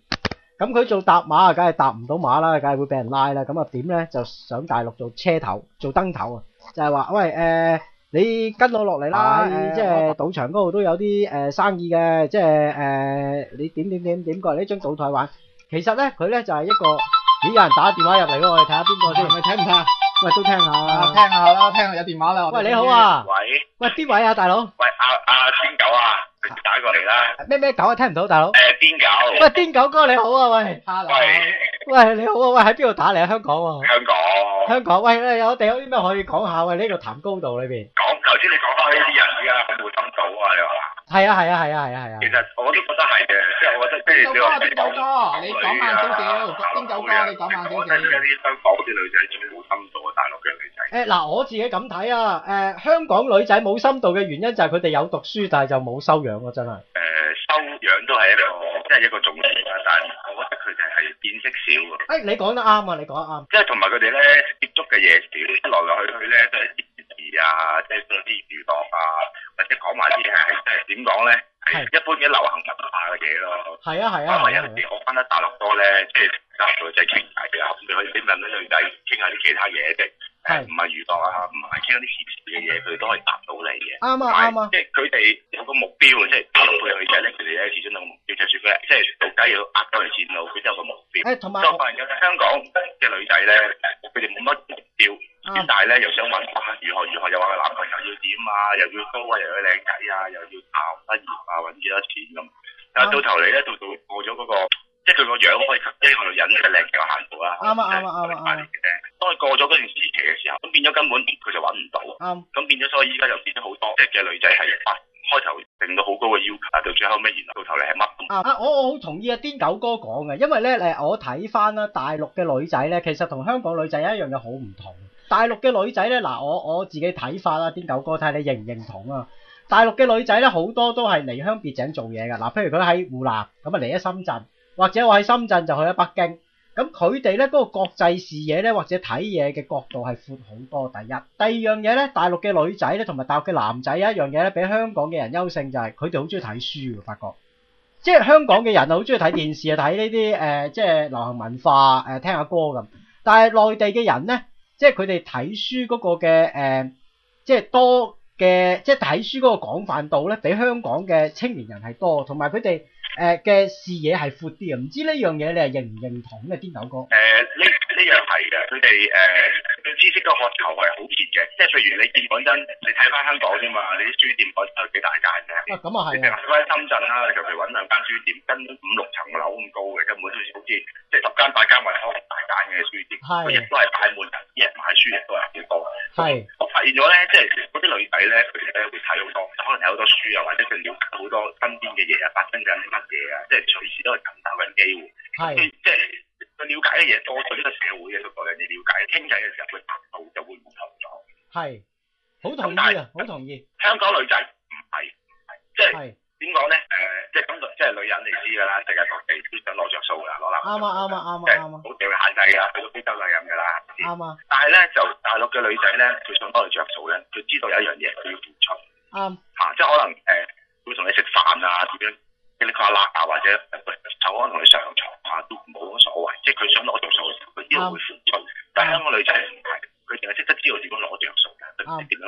咁佢做搭馬啊，梗係搭唔到馬啦，梗係會俾人拉啦。咁啊點咧？就上大陸做車頭，做燈頭啊！就係話喂，誒，你跟我落嚟啦，即係賭場嗰度都有啲誒生意嘅，即係誒你點點點點過嚟呢張賭台玩。其實咧佢咧就係一個，咦，有人打電話入嚟，我哋睇下邊個先。喂，聽唔聽啊？喂，都聽下。聽下啦，聽下有電話啦。喂，你好啊。喂。喂，邊位啊大佬？喂，阿阿癲狗啊，直接打過嚟啦。咩咩狗啊，聽唔到大佬？誒，癲狗。喂，癲狗哥你好啊，喂大佬。喂，你好，啊，喂喺邊度打嚟？啊？香港喎，啊，香港，香港，喂，我哋有啲咩可以講下？啊？喂，呢度談高度呢邊，講頭先你講翻呢啲人而家會心做啊，你話？係啊係啊係啊係啊係啊！其實我都覺得係嘅，即係我覺得即係你話啲九哥，你講慢少少，真九哥你講慢少少。我覺得而家啲香港啲女仔真係冇深度啊，大陸嘅女仔。誒嗱，我自己咁睇啊，誒香港女仔冇深度嘅原因就係佢哋有讀書，但係就冇修養咯，真係。誒修養都係一個，即係一個重點啦。但係我覺得佢哋係見識少。誒你講得啱啊！你講得啱。即係同埋佢哋咧接觸嘅嘢少，來來去去咧都係。啊，即係啲娛樂啊，或者講埋啲係即係點講咧？係一般嘅流行文化嘅嘢咯。係啊係啊。因為有時我翻得大陸多咧，即係就女仔傾偈，嘅，後你可以你問啲女仔傾下啲其他嘢啫。係唔係娛樂啊？唔係傾啲時事嘅嘢，佢都可以答到你嘅。啱啊啱，即係佢哋有個目標，即係大陸嘅女仔咧，佢哋有時真係要著住佢，即係到底要呃到嚟錢路，佢都有個目標。同埋香港嘅女仔咧，佢哋冇乜目標。咁、嗯、但係咧，又想問啊，如何如何，又話個男朋友要點啊，又要高啊，又要靚仔啊，又要姣畢業啊，揾幾、啊、多錢咁。咁到頭嚟咧，到到過咗嗰個，即係佢個樣可以即係喺度忍得靚有限度啊。啱啊啱啊啱啊啱。當、嗯、佢、嗯嗯嗯、過咗嗰段時期嘅時候，咁變咗根本佢就揾唔到。啱、嗯。咁變咗，所以依家又變咗好多，即係嘅女仔係啊，開頭定到好高嘅要求，到最後尾原來到頭嚟係乜啊，我我好同意阿癲狗哥講嘅，因為咧誒，我睇翻啦，大陸嘅女仔咧，其實同香港女仔有一樣嘢好唔同。大陸嘅女仔咧，嗱我我自己睇法啦，啲九哥睇下你認唔認同啊？大陸嘅女仔咧，好多都係離鄉別井做嘢嘅嗱，譬如佢喺湖南咁啊嚟咗深圳，或者我喺深圳就去咗北京。咁佢哋咧嗰個國際視野咧，或者睇嘢嘅角度係闊好多。第一，第二樣嘢咧，大陸嘅女仔咧同埋大陸嘅男仔一樣嘢咧，比香港嘅人優勝就係佢哋好中意睇書嘅，發覺即係香港嘅人好中意睇電視啊，睇呢啲誒即係流行文化誒聽下歌咁，但係內地嘅人咧。即係佢哋睇書嗰個嘅誒、呃，即係多嘅，即係睇書嗰個廣泛度咧，比香港嘅青年人係多，同埋佢哋誒嘅視野係闊啲啊！唔知呢樣嘢你係認唔認同咧，堅友哥？ 一樣係嘅，佢哋誒知識嘅渴求係好切嘅，即係譬如你見講真，你睇翻香港啫嘛，你啲書店嗰啲都幾大間嘅。咁啊係。你譬如喺深圳啦，你求其揾兩間書店，跟五六層樓咁高嘅，根本就好都好似即係十間八間或者好大間嘅書店，佢亦是都係擺滿人，亦買書亦都係好多。係是。我發現咗咧，即係嗰啲女仔咧，佢哋咧會睇好多，可能睇好多書啊，或者佢瞭解好多身邊嘅嘢啊，發生緊啲乜嘢啊，即係隨時都係尋找緊機會。即係。了解嘅嘢多咗，呢個社會嘅個人你了解，傾偈嘅時候佢深度就會唔同咗。係，好同大，好同意。香港女仔唔係，即係點講咧？誒，即係咁，即係女人，你知㗎啦，世界各地都想攞著數㗎，攞男。啱啊啱啊啱啊啱啊！即係會限制㗎，去到非洲就係咁㗎啦。啱啊！但係咧，就大陸嘅女仔咧，佢想攞嚟着數咧，佢知道有一樣嘢佢要付出。啱。嚇！即係可能誒，會同你食飯啊，點樣？你佢阿乸啊，或者坐安同佢上床啊，都冇乜所謂。即係佢想攞着數，佢都、嗯、會付出。但係香港女仔係，佢淨係識得知道點樣攞着數嘅，佢唔識點樣。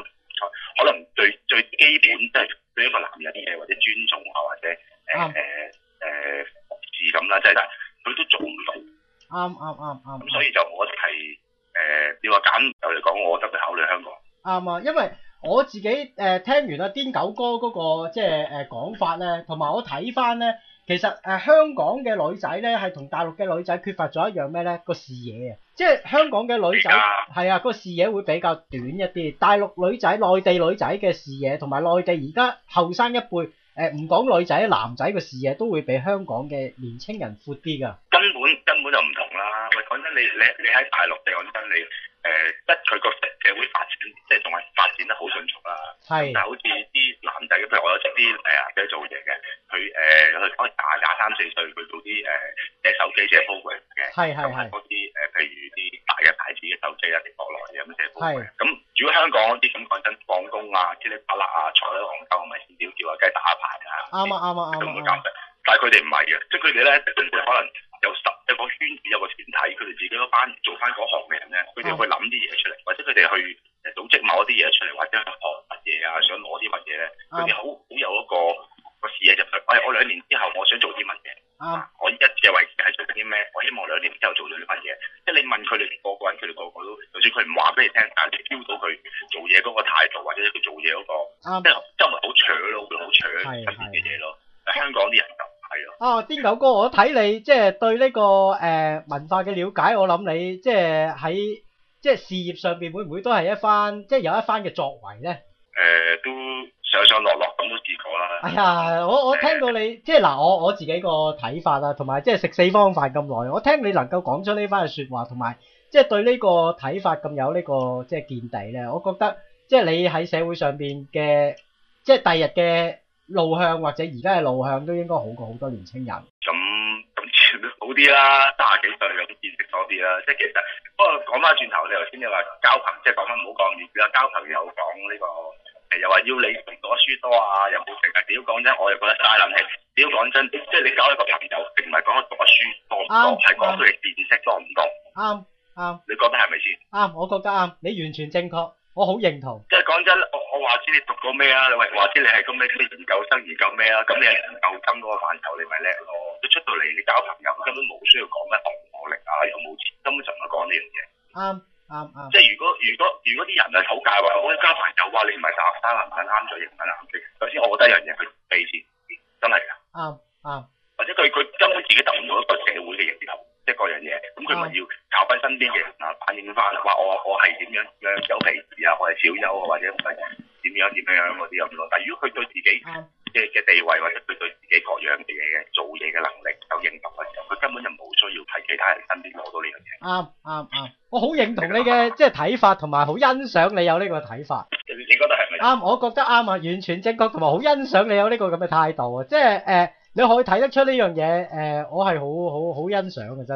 可能最最基本即係對一個男人啲嘢，或者尊重啊，或者誒誒誒，服侍咁啦，即係、嗯呃呃、但係佢都做唔到。啱啱啱啱。咁、嗯嗯、所以就我係誒、呃，你話簡單嚟講，我覺得佢考慮香港。啱啊、嗯，因為。我自己誒、呃、聽完阿、啊、癲狗哥嗰、那個即係誒講法咧，同埋我睇返咧，其實誒、呃、香港嘅女仔咧，係同大陸嘅女仔缺乏咗一樣咩咧個視野、嗯、啊，即係香港嘅女仔係啊個視野會比較短一啲，大陸女仔、內地女仔嘅視野，同埋內地而家後生一輩誒唔、呃、講女仔男仔嘅視野都會比香港嘅年青人闊啲㗎。根本根本就唔同啦。喂，講真，你你你喺大陸地講真，你誒一佢個社社會發展，即係仲係發展得好迅速啦。係。就好似啲男仔嘅，譬如我有啲誒喺度做嘢嘅，佢誒佢可能廿廿三四歲，佢做啲誒寫手機寫 program 嘅。係係係。咁係嗰啲誒，譬如啲大嘅牌子嘅手機啊，啲國內嘅咁寫 program 嘅，咁如果香港啲咁，講真，放工啊，噼里啪啦啊，坐喺度研究咪先？少叫啊，梗係打牌啊。啱啊啱啊啱啊。咁唔減薪，但係佢哋唔係嘅，即係佢哋咧，可能。有十一個圈子，有個團體，佢哋自己嗰班做翻嗰行嘅人咧，佢哋會諗啲嘢出嚟，或者佢哋去組織某一啲嘢出嚟，或者去學乜嘢啊，想攞啲乜嘢咧，佢哋好好有一個一個視野入去。我我兩年之後，我想做啲乜嘢？啊！我依家嘅位置係做啲咩？我希望兩年之後做咗啲乜嘢？即係你問佢哋個人個人，佢哋個個都，就算佢唔話俾你聽，但係你 feel 到佢做嘢嗰個態度，或者佢做嘢嗰、嗰個，即係真係好 chur 咯，會好 chur 嘅嘢咯。香港啲人就～啊！啲舊歌，我睇你即係對呢、這個誒、呃、文化嘅了解，我諗你即係喺即係事業上邊會唔會都係一番即係有一番嘅作為咧？誒、呃，都上上落落咁都試過啦。哎呀，我我聽到你、呃、即係嗱，我我自己個睇法啊，同埋即係食四方飯咁耐，我聽你能夠講出呢番嘅說話，同埋即係對呢個睇法咁有呢、這個即係見地咧，我覺得即係你喺社會上邊嘅即係第日嘅。路向或者而家嘅路向都應該好過好多年青人。咁咁全好啲啦，三十幾歲咁見識多啲啦。即係其實，不過講翻轉頭，你頭先你話交朋，即係講翻唔好講你啦。交朋友講呢個，又話要你讀得書多啊，又冇勁啊？屌講真，我又覺得嘥冷氣。屌講真，即係你交一個朋友，並唔係講讀得書多唔多，係講佢哋見識多唔多。啱啱，嗯，嗯，你覺得係咪先？啱，嗯，我覺得啱，你完全正確。我好認同，即係講真，我我話知你讀過咩啊？你喂話知你係咁咩咩研究生研究咩啊？咁你喺研究緊嗰個範疇，你咪叻咯。你出到嚟，你交朋友根本冇需要講乜學歷啊，又冇錢，根本就唔係講呢樣嘢。啱啱，即係如果如果如果啲人係好教我好交朋友，哇！你唔係大學生唔肯啱咗，型唔肯啱嘅。首先，我覺得一樣嘢，佢畀錢真係噶。啱，或者佢佢根本自己得唔到一個社會嘅認同，即係各樣嘢，咁佢咪要靠翻身邊嘅人啊，反映翻，話我話我係點樣。少有啊，或者點樣點樣樣嗰啲咁咯。但如果佢對自己嘅嘅地位或者佢對自己各樣嘅嘢嘅做嘢嘅能力有認同嘅時候，佢根本就冇需要睇其他人身邊攞到呢樣嘢。啱啱啱，我好認同你嘅即係睇法，同埋好欣賞你有呢個睇法你。你覺得係咪？啱，我覺得啱啊，完全正確，同埋好欣賞你有呢個咁嘅態度啊！即係誒、呃，你可以睇得出呢樣嘢誒，我係好好好欣賞嘅真。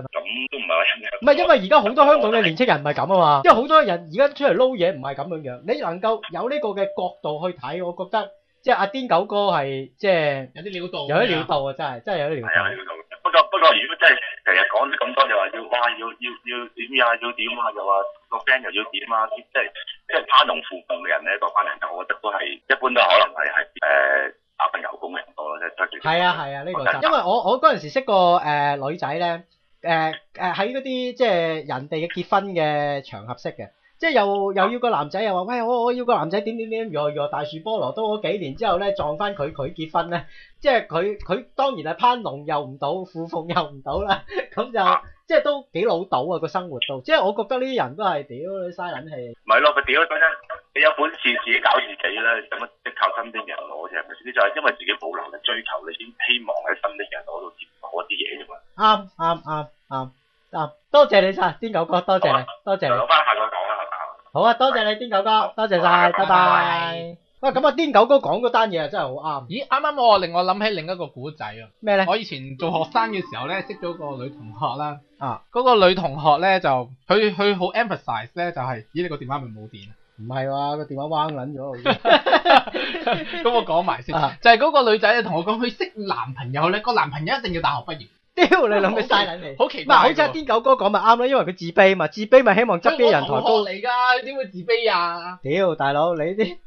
唔係，因為而家好多香港嘅年青人唔係咁啊嘛，因為好多人而家出嚟撈嘢唔係咁樣樣。你能夠有呢個嘅角度去睇，我覺得即係阿癲九哥係即係有啲料到，有啲料到啊！真係真係有啲料到。不過不過，如果真係成日講咁多，就話要哇要要要點啊，要點啊，就話個 friend 又要點啊，即係即係攀龍附鳳嘅人咧，個班人頭，我覺得都係一般都可能係喺誒打份牛工嘅人多咯，即係得嘅。係啊係啊，呢個因為我我嗰陣時識個、呃、女仔咧。嗯誒誒，喺嗰啲即係人哋嘅結婚嘅場合識嘅，即係又又要個男仔又話，喂我我要個男仔點點點，又又大樹菠蘿多咗幾年之後咧撞翻佢佢結婚咧，即係佢佢當然係攀龍又唔到，附鳳又唔到啦，咁 就。即係都幾老豆啊！個生活都。即係我覺得呢啲人都係屌，你嘥撚氣。唔係咯，佢屌啊！真真，你有本事自己搞自己啦，咁樣即靠身邊人攞啫？係咪先？你就係因為自己冇能力追求，你先希望喺身邊人攞到接攞啲嘢啫嘛。啱啱啱啱啱，多謝你晒，癲狗哥，多謝你，多謝。唔好快咁講啦，係嘛？好啊，多謝你，癲狗哥，多謝晒。拜拜。喂，咁啊，癲狗哥講嗰單嘢真係好啱。咦，啱啱我令我諗起另一個古仔啊。咩咧？我以前做學生嘅時候咧，識咗個女同學啦。啊！嗰個女同學咧，就佢佢好 emphasize 咧，就係、是，咦，你個電話咪冇電？唔係喎，個電話彎捻咗，咁 我講埋先。啊、就係嗰個女仔咧同我講，佢識男朋友咧，個男朋友一定要大學畢業。屌，你諗佢晒捻嚟，好、嗯、奇怪，係好似阿癲狗哥講咪啱咯，因為佢自卑嘛，自卑咪希望執啲人抬高嚟噶，點、哎、會自卑啊？屌，大佬你啲。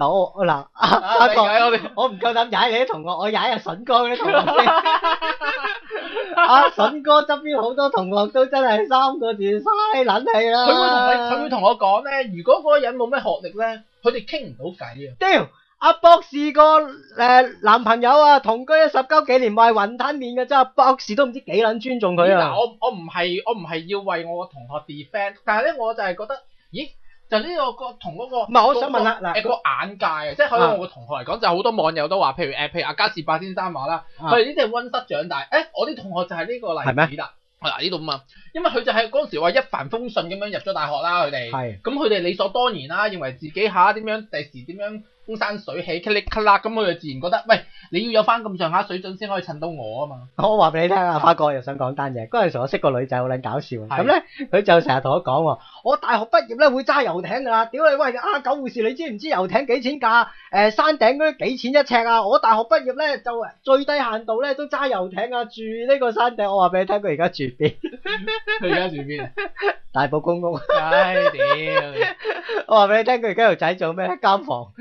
好嗱，阿阿博，我我唔夠膽踩你啲同學，我踩阿筍哥啲同學阿、 啊、筍哥側邊好多同學都真係三個字嘥撚氣啦。佢會同佢，佢會同我講咧，如果嗰個人冇咩學歷咧，佢哋傾唔到偈啊。屌，阿博士個誒、呃、男朋友啊，同居咗十九幾年賣雲吞麵嘅，真係博士都唔知幾撚尊重佢啊。嗱、啊，我我唔係我唔係要為我個同學 defend，但係咧我就係覺得，咦？就呢個個同嗰個，唔係我想問啦，嗱誒、欸、個眼界啊，那即係可能我個同學嚟講，就好、是、多網友都話，譬如誒譬如阿、啊、加士伯先生話啦，佢哋呢啲係溫室長大，誒、欸、我啲同學就係呢個例子啦，係嗱呢度啊嘛，因為佢就係嗰陣時話一帆風順咁樣入咗大學啦，佢哋的，係，咁佢哋理所當然啦，認為自己嚇點樣，第時點樣。風生水起，咳力咳啦，咁我就自然覺得，喂，你要有翻咁上下水準先可以襯到我啊嘛。我話俾你聽啊，花哥又想講單嘢。嗰陣時我識個女仔好撚搞笑嘅，咁咧佢就成日同我講我大學畢業咧會揸遊艇㗎啦。屌你喂啊，狗護士，你知唔知遊艇幾錢價？誒山頂嗰啲幾錢一尺啊？我大學畢業咧就最低限度咧都揸遊艇啊，住呢個山頂。我話俾你聽，佢而家住邊？而家住邊？大埔公屋。唉，屌！我話俾你聽，佢而家條仔做咩？監房。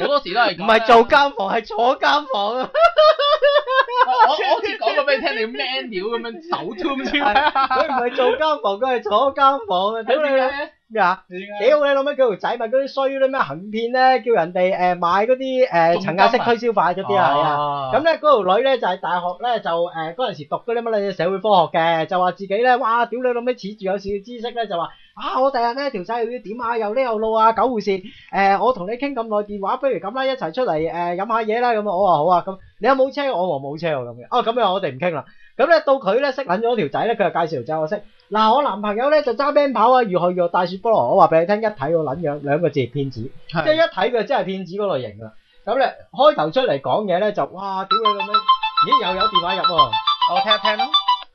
好多時都係唔係做監房，係、啊、坐監房啊！ 我我好似講過畀你聽，你 man 料咁樣手 two t w 唔係做監房，佢係坐監房啊！睇住你、啊。 咩嚇？幾好咧，諗起佢條仔咪嗰啲衰咧咩行騙咧，叫人哋誒買嗰啲誒陳家輝推銷法嗰啲係啊。咁咧，嗰條女咧就係大學咧，就誒嗰陣時讀嗰啲乜嘢社會科學嘅，就話自己咧，哇屌你老味似住有少少知識咧，就話啊我第日呢條仔要點啊，又呢又路啊，狗護士誒，我同你傾咁耐電話，不如咁啦，一齊出嚟誒飲下嘢啦。咁我話好啊，咁你有冇車？我冇冇車喎，咁嘅，哦咁樣我哋唔傾啦。喔咁咧到佢咧識捻咗條仔咧，佢就介紹條仔我識嗱，我男朋友咧就揸冰跑啊，越去越大雪菠羅，我話俾你聽，一睇個捻樣兩個字係騙子，是即係一睇佢真係騙子嗰類型啦。咁咧開頭出嚟講嘢咧就哇，屌你老味，咦又有電話入喎、啊，我聽一聽咯。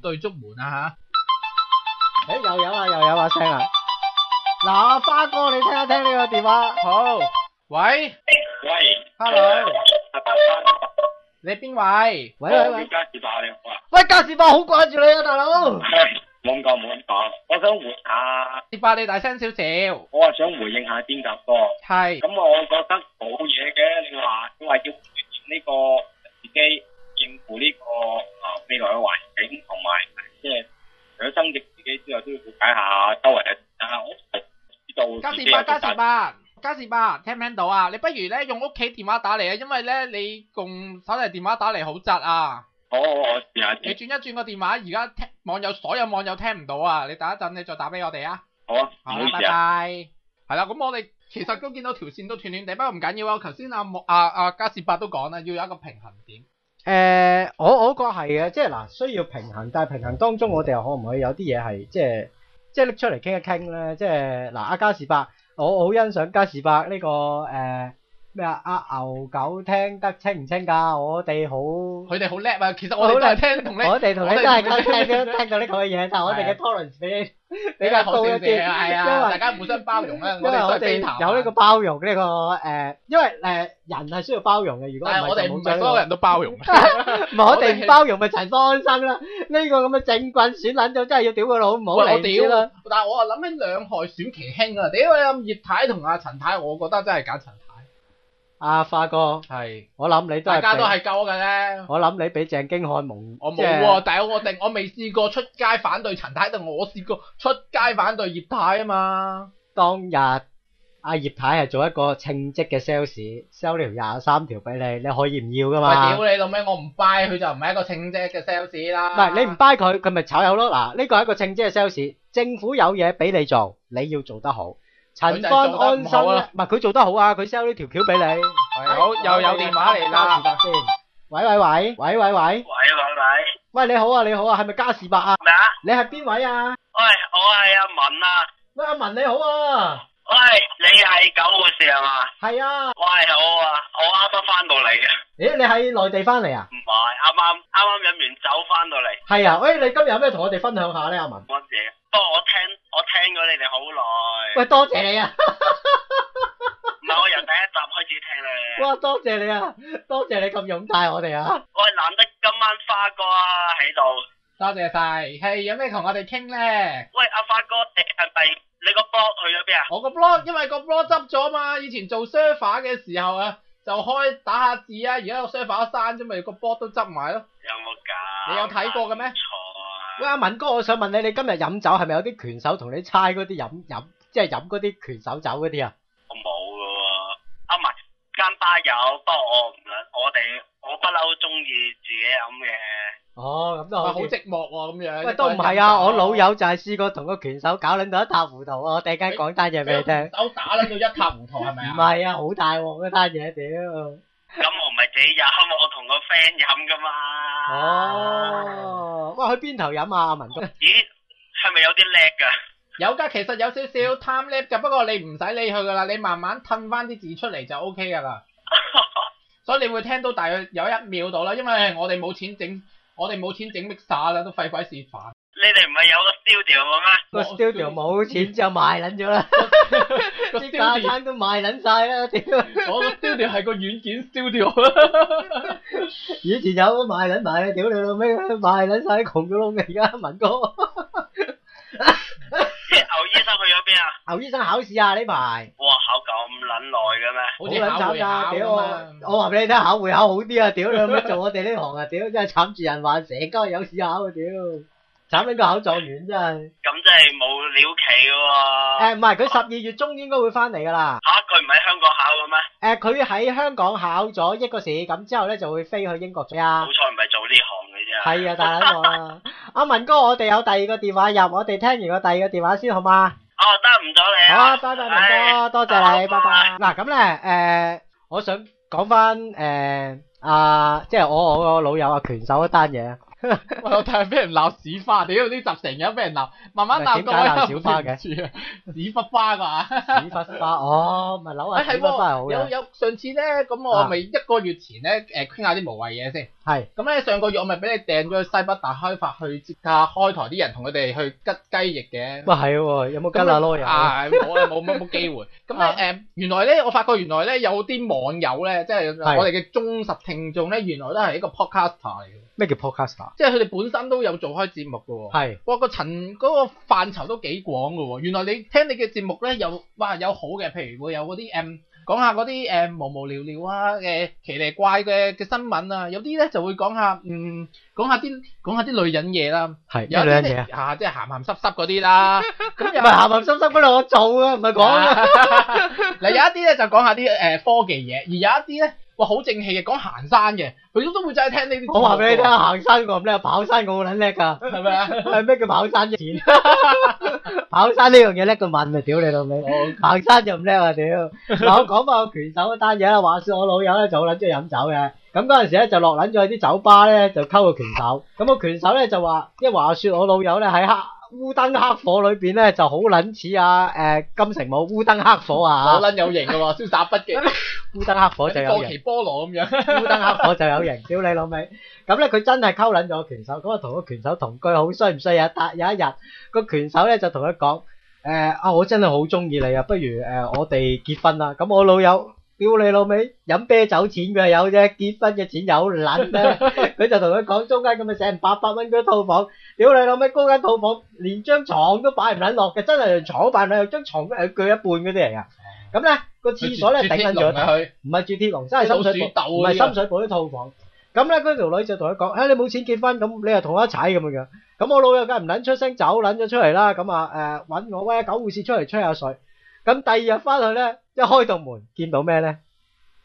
對足門啊吓，誒又有啊又有啊聲啊，嗱，阿花哥你聽一聽呢個電話，好，喂，喂，hello，你邊位？喂喂喂，喂，嘉士伯你好啊，喂，嘉士伯好掛住你啊大佬，冇咁講冇咁講，我想回下，接吧你大聲少少，我話，想回應下邊集歌，係，咁我覺得冇嘢嘅，你話你話要呢個自己應付呢個啊未來嘅環境，同埋即係除咗增值自己之外，都要了解下周圍嘅。啊，我知道。加士伯，加士伯，加士伯，聽唔聽到啊？你不如咧用屋企電話打嚟啊，因為咧你共手提電話打嚟好窒啊。好，我試下先。你轉一轉個電話，而家聽網友所有網友聽唔到啊！你等一陣，你再打俾我哋啊。好啊，唔好意思，拜拜。係啦，咁我哋其實都見到條線都斷斷地，不過唔緊要啊。我頭先阿莫阿阿加士伯都講啦，要有一個平衡點。誒、呃，我我覺係嘅，即係嗱，需要平衡，但係平衡當中，我哋又可唔可以有啲嘢係即係即係拎出嚟傾一傾咧？即係嗱，阿加士伯，我我好欣賞加士伯呢、這個誒。呃咩啊？阿牛狗聽得清唔清㗎？我哋好，佢哋好叻啊！其實我哋都係聽同叻，我哋同你都係聽到呢個嘢，但係我哋嘅 tolerance 比比較多一啲。因為大家互相包容啊。因為我哋有呢個包容呢個誒，因為誒人係需要包容嘅。如果唔係，唔係所有人都包容嘅。唔係我哋唔包容，咪陳方安生啦？呢個咁嘅政棍選捻咗，真係要屌佢老母唔好。屌！但係我啊諗起兩害選其輕啊！屌你諗葉太同阿陳太，我覺得真係搞陳。.阿花哥，係我諗你都係，大家都係哥嘅咧。我諗你俾鄭經漢蒙，我冇，但係我我定，我未試過出街反對陳太，但係我試過出街反對葉太啊嘛。當日阿葉太係做一個稱職嘅 sales，sell 條廿三條俾你，你可以唔要噶嘛。屌你老味，我唔 buy 佢就唔係一個稱職嘅 sales 啦。唔係你唔 buy 佢，佢咪炒魷咯？嗱，呢個係一個稱職嘅 sales，政府有嘢俾你做，你要做得好。陳方安心啦，唔係佢做得好啊，佢 sell 呢條橋俾你。好，又有電話嚟啦，士伯先。喂喂喂，喂喂喂，喂係咪？喂你好啊你好啊係咪加士伯啊？咩啊？你係邊位啊？喂，我係阿文啊。喂阿文你好啊。喂你係狗護士係嘛？係啊。喂我啊我啱啱翻到嚟啊。咦你喺內地翻嚟啊？唔係啱啱啱啱飲完酒翻到嚟。係啊，誒你今日有咩同我哋分享下咧阿文？多謝。不過、哦、我聽我聽咗你哋好耐。喂，多謝你啊！唔 係我由第一集開始聽你。哇，多謝你啊！多謝你咁擁戴我哋啊！喂，難得今晚花哥啊喺度，多謝晒。係有咩同我哋傾咧？喂，阿、啊、花哥，係咪你個 blog 去咗邊啊？我個 blog 因為個 blog 執咗嘛，以前做 server 嘅時候啊，就開打下字啊，而家個 server 閂咗咪個 blog 都執埋咯。有冇假？你有睇過嘅咩？喂，阿文哥，我想問你，你今日飲酒係咪有啲拳手同你猜嗰啲飲飲，即係飲嗰啲拳手酒嗰啲啊？我冇嘅喎，阿文間吧有，不過我唔撚，我哋我不嬲中意自己飲嘅。哦，咁都好，好寂寞喎咁樣。喂，都唔係啊，我老友就係試過同個拳手搞捻到一塌糊塗啊！我突然間講單嘢俾你聽。拳手打捻到一塌糊塗係咪啊？唔係啊，好大喎嗰單嘢屌。咁 我唔係自己飲，我同個 friend 飲噶嘛。哦，哇，去邊頭飲啊，文哥？ 咦，係咪有啲叻噶？有噶，其實有少少貪叻噶，不過你唔使理佢噶啦，你慢慢褪翻啲字出嚟就 OK 噶啦。 所以你會聽到大約有一秒到啦，因為我哋冇錢整，我哋冇錢整 mixer 啦，都廢鬼事煩。你哋唔係有個 studio 嘅咩？個 studio 冇錢就賣捻咗啦，啲家產都賣捻晒啦。我個 studio 係個軟件 studio 啦。以前有都賣捻埋，屌你老味，賣捻晒窮咗窿嘅。而家文哥，牛醫生去咗邊啊？牛醫生考試啊？呢排哇考咁捻耐嘅咩？好捻慘噶，屌啊！我話俾你聽，考會考好啲啊！屌你老味，做我哋呢行啊！屌真係慘住人話，成間有試考啊！屌。斬呢個考狀元真係，咁真係冇了期嘅喎。誒，唔係佢十二月中應該會翻嚟噶啦。吓，佢唔喺香港考嘅咩？誒，佢喺香港考咗一個試，咁之後咧就會飛去英國做啊。好彩唔係做呢行嘅啫。係啊，大佬啊。阿文哥，我哋有第二個電話入，我哋聽完個第二個電話先好嘛？哦，得唔到你。好啊，多謝文哥，多謝你，拜拜。嗱，咁咧，誒，我想講翻，誒，阿即係我我個老友阿拳手一單嘢。我睇下俾人鬧屎花，屌啲 集成日俾人鬧，慢慢鬧過 屎忽花㗎， 屎忽花哦，咪扭下屎忽 有有上次咧，咁我咪一個月前咧，誒傾、啊、下啲無謂嘢先。係，咁咧是上個月我咪俾你訂咗去西北大開發去接下開台啲人，、啊、人，同佢哋去吉雞翼嘅。喂，係喎，有冇吉啊？攞油冇啊，冇乜冇機會。咁咧誒，原來咧我發覺原來咧有啲網友咧，即、就、係、是、我哋嘅忠實聽眾咧，原來都係一個 podcaster 嚟嘅。咩叫 podcaster？即係佢哋本身都有做開節目嘅喎。係的。哇！個層嗰、個範疇都幾廣嘅喎。原來你聽你嘅節目咧，有哇有好嘅，譬如會有嗰啲誒。嗯講下嗰啲誒無無聊聊啊，誒、呃、奇離怪嘅嘅新聞啊，有啲咧就會講下，嗯，講下啲講下啲女人嘢啦，是有啲女人嘢吓、啊，即係咸咸濕濕嗰啲啦，咁又咪咸咸濕濕嗰度我做啊，唔係講啊，嗱有一啲咧就講下啲誒、呃、科技嘢，而有一啲咧。我好、哦、正氣嘅，講行山嘅，佢都都會再聽呢啲。我話俾你聽，行山我唔叻，跑山我好撚叻噶，係咪啊？係咩 叫跑山之前？ 跑山呢樣嘢叻過問啊！屌你老味，我、哦、行山就唔叻啊！屌，嗱我講翻個拳手單嘢啦。話說我老友咧就好撚中意飲酒嘅，咁嗰陣時咧就落撚咗去啲酒吧咧就溝個拳手，咁個拳手咧就話，即係話說我老友咧喺黑。烏燈黑火裏邊咧就好卵似阿誒金城武，烏燈黑火啊好卵有型噶喎，瀟灑不羈。烏燈黑火就有型，多奇菠蘿咁樣。烏燈黑火就有型，屌你老味！咁咧佢真係溝卵咗個拳手，咁啊同個拳手同居，好衰唔衰啊？有有一日個拳手咧就同佢講誒啊，我真係好中意你啊，不如誒、呃、我哋結婚啦！咁我老友。屌你老味，飲啤酒錢嘅有啫，結婚嘅錢有捻啊！佢就同佢講，中間咁咪成八百蚊嗰套房，屌你老味高間套房，連張床都擺唔捻落嘅，真係連床都擺唔落，張床誒鋸一半嗰啲嚟噶。咁咧個廁所咧頂緊牆，唔係住天龍，真係深水埗，唔係深水埗啲套房。咁咧嗰條女就同佢講：吓，你冇錢結婚，咁你又同我一齊咁樣。咁我老友梗係唔捻出聲走，捻咗出嚟啦。咁啊誒搵我，喂狗護士出嚟吹下水。咁第二日翻去咧，一開到門見到咩咧？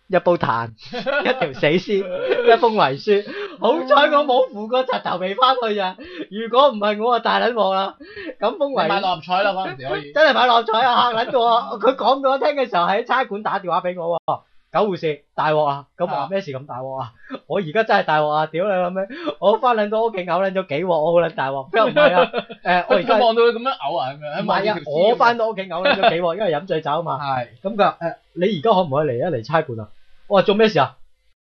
一煲炭，一條死屍，一封遺書。好彩我冇扶個柒頭未翻去啊！如果唔係我啊，大捻鑊啦！咁封遺書買六合彩啦，陣時可以 真係買六合彩啊！吓捻到佢講俾我聽嘅時候喺差館打電話俾我喎。狗護士大鑊啊！咁話咩事咁大鑊啊？我而家真係大鑊啊！屌你老味！我翻嚟到屋企嘔捻咗幾鑊，我好捻大鑊。唔係啊，誒我而家望到佢咁樣嘔啊，咁樣唔係啊，我翻到屋企嘔捻咗幾鑊，因為飲醉酒啊嘛。係。咁佢話誒，你而家可唔可以嚟一嚟差館啊？我話做咩事啊？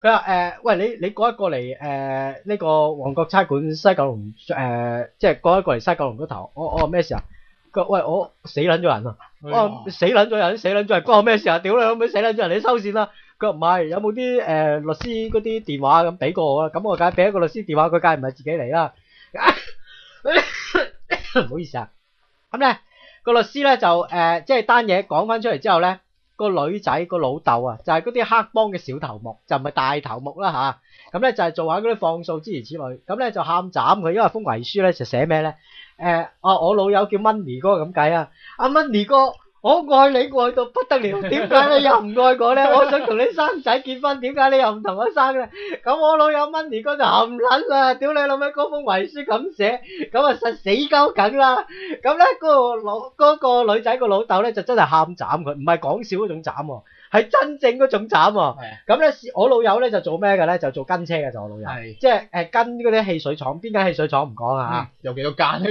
佢話誒，喂你你過一過嚟誒呢個旺角差館西九龍誒，即係過一過嚟西九龍嗰頭。我我話咩事啊？佢喂我死捻咗人啊！我死捻咗人，死捻咗人關我咩事啊？屌你老味，死捻咗人你收線啦！佢唔係，有冇啲誒律師嗰啲電話咁俾過我啊？咁我梗係俾一個律師電話，佢梗係唔係自己嚟啦？唔 好意思啊。咁、那、咧個律師咧就誒、呃，即係單嘢講翻出嚟之後咧，那個女仔、那個老豆啊，就係嗰啲黑幫嘅小頭目，就唔係大頭目啦吓，咁、啊、咧就係做下嗰啲放數諸如此類。咁咧就喊斬佢，因為封遺書咧就寫咩咧？誒、呃、哦、啊，我老友叫 Money 哥咁計啊，阿 Money 哥。我愛你愛到不得了，點解你又唔愛我咧？我想同你生仔結婚，點解你又唔同我生咧？咁我老友 money 哥就含撚啦，屌你老味，嗰封遺書咁寫，咁啊實死鳩梗啦！咁咧嗰個老嗰個女仔個老豆咧就真係喊斬佢，唔係講笑嗰種斬，係真正嗰種斬。係啊。咁咧，我老友咧就做咩嘅咧？就做跟車嘅，就我老友。係。即係誒，跟嗰啲汽水廠，邊間汽水廠唔講啊？有幾多間？